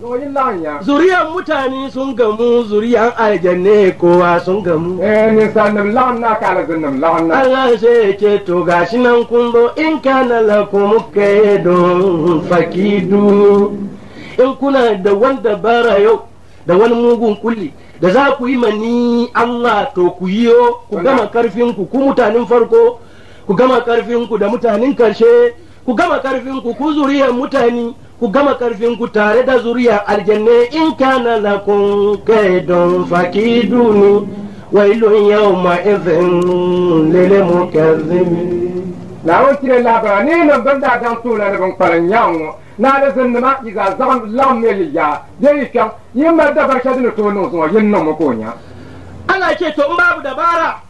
zuriyar mutane sun gamu zuriyar aljanne kowa sun gamu eh, Allah sai ce to gashi nan kumbo in kana muke don fakidu in kuna da wanda bara yau da wani mugun kulli da za ku yi mani Allah to ku yi ku gama karfin ku mutanen farko ku gama karfin ku da mutanen karshe ku gama karfin ku ku zuriyar mutane ku gama karfin ku tare da zuriya aljanne in kana kun kai don kaidun duni wailun yawma idhin lil na lawo kire labara ne nan da dan sura da ban kwaran yawo na da sun ma iza zam lam ya yi kan yin ma da barka da to no so yin nan nya. ana ce to in babu dabara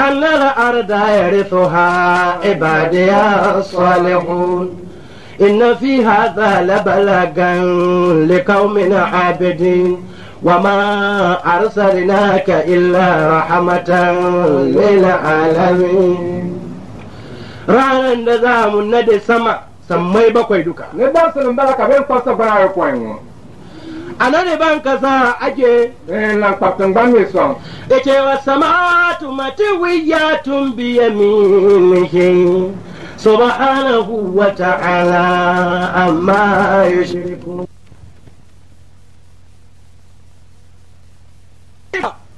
an lara arda ya rithuha ibadiya salihun inna fi hadha labalagan liqaumin abidin wama arsalnaka illa rahmatan lil alamin ranan da zamu nade sama sammai bakwai iduka. ne ba sulun baraka ben kwasa bara ko ayun ana ne ban aje. ake eh, na kwaftan ban mai son yake wa samatu matawiyatun biyaminihi subhanahu wa ta'ala amma yushriku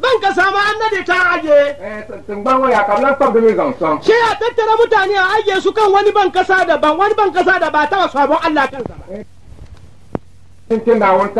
ban ka an annade ta aje. Eh, Tumban waya kamar kwan bimi gamsan. Shi a tattara mutane a aje su kan wani ban kasa daban wani ban kasa da ba ta sabon Allah kan sama الله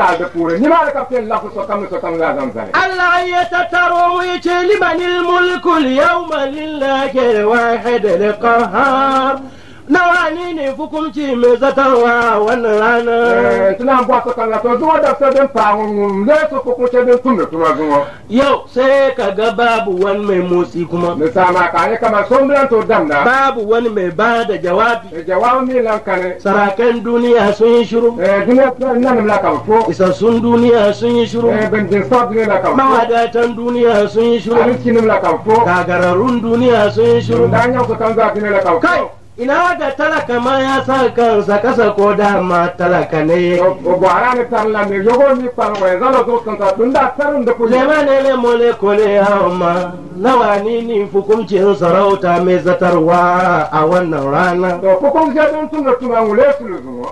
يتترويك لمن الملك اليوم لله الواحد القهار نواه ne hukunci mai zatawa wannan eh, rana. Tuna gwa ta kalla to zuwa da sabin fahun ne su hukunce din tun da tuma zuwa. Yau sai ka ga babu wani mai motsi kuma. Misama ka ne kamar sun biyan to damna. Babu wani mai eh, ba da jawabi. Jawabi ne lanka ne. Sarakan duniya sun yi shiru. Duniya nan la kan fo. Isassun duniya sun yi shiru. Bindin sa duniya la kan fo. Mawadatan duniya sun yi shiru. Abincin la kan fo. Kagararrun duniya sun yi shiru. Dan yau ku kan za duniya la kan fo. Kai! ina ga talaka ma ya sa kansa kasa ko da ma talaka ne gwara ni talla ne yogo ni pan wa zalo to kanka dunda tarun da kuje ma ne ne mole kole ma nawa ni ni hukuncin sarauta mai zatarwa a wannan rana to hukuncin don tun da tunan wule su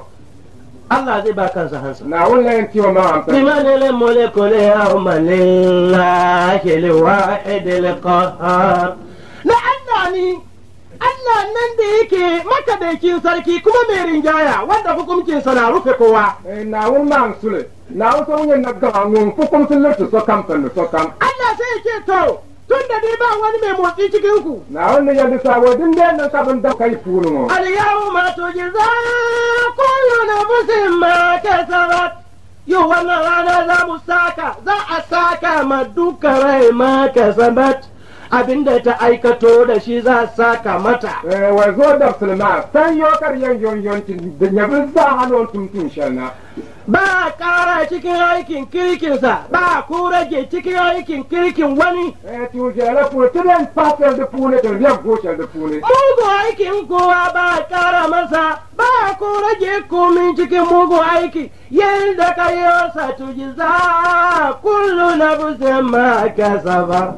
Allah zai ba kansa hansa. Na wannan yanki wa ma amfani. Lima ne le mole kole ya umarni la ke le wa edele ko ha. Na Allah ni Allah nan da yake makadaikin sarki kuma mai rinjaya wanda hukuncinsa na rufe kowa. Eh, na wun man sule, na wun sun yin na gawon hukuncin lutu so kam sun so kam. Allah sai yake to, tun da dai ba wani mai motsi cikin ku. Na wun ne yadda wa din da nan sabon da kai furu mu. Aliyahu ma to jirza kullu nafsin ma kasabat. Yo wannan rana za mu saka, za a saka ma duka rai ma kasabat. abinda ta aikato da shi za a saka mata eh, wa zo da sulma san yo karyan yonyon da yabin za halon tuntun shanna ba kara cikin aikin kirkinsa ba kura rage cikin aikin kirkin wani. Eh, Tujere furtunan fatar da fune da riyar goshar da fune. Mugu aikin kowa ba kara masa ba ku rage komin cikin mugu aiki yadda ka yi wasa tuji za kullu na busan ma kasa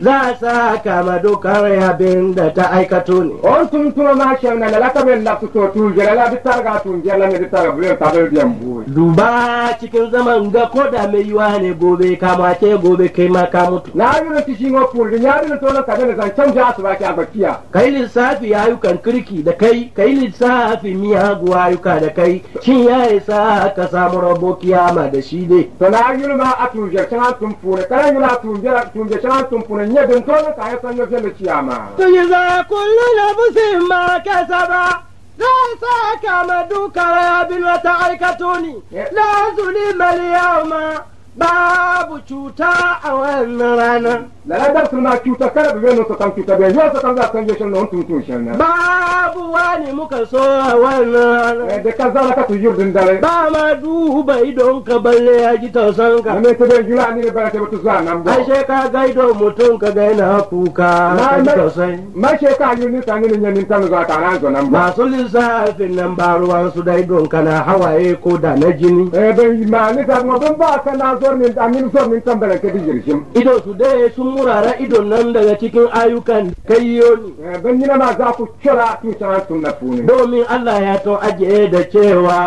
za a sa kama dokar abin da ta aikato ne. On tun tuma ma shan na lalaka min su to tun jira la bi targa tun jira la mi bi targa bulen ta bai biyan buwe. Duba cikin zaman ga ko da mai yiwa ne gobe kama ke gobe kai ma ka mutu. Na yi na tishin wa fulgin ya yi na tona ka zan zancen ja su baki a bakiya. Kai lissafi kan kirki da kai, kai lissafi miyagu ayyuka da kai, shin ya yi sa ka samu rabo kiyama da shi ne. To na yi ma a tun jira can tun fure, kana yi na tun tun jira can tun fure nye bin tole ta ya sanya fiye kiyama to yi za kullu nafsin ma kasaba zai saka ma dukar abin wata aikatoni la zulima al yawma babu cuta a wannan rana laladar sulma cuta kada bi wani sokan cuta bai yau sokan za san yashin na huntun tun shan babu wani muka so a wannan rana eh, da ka zara ka tujur din dare ba ma duba idon ka balle ya ji tausan ka ne ta bai jira ni ba ta mutu zuwa nan ba ai ka ga idon mutum ka ga yana kuka ka ji tausan ma she ka yi ni tani ni nyanin tanu za zuwa ran zo nan ba masu lissafin nan ba ruwan su da idon kana hawaye ko da na jini eh bai ma ni ta mu ban ba kana zo sornin min sornin tambara ka digir shim ido su da sun murara ido nan daga cikin ayyukan yoni eh, ban na ma za ku cira tu san na. fune domin Allah ya to aje da cewa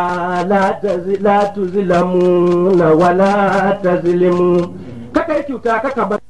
la tazila tuzlamu wala tazlimu kaka cuta kaka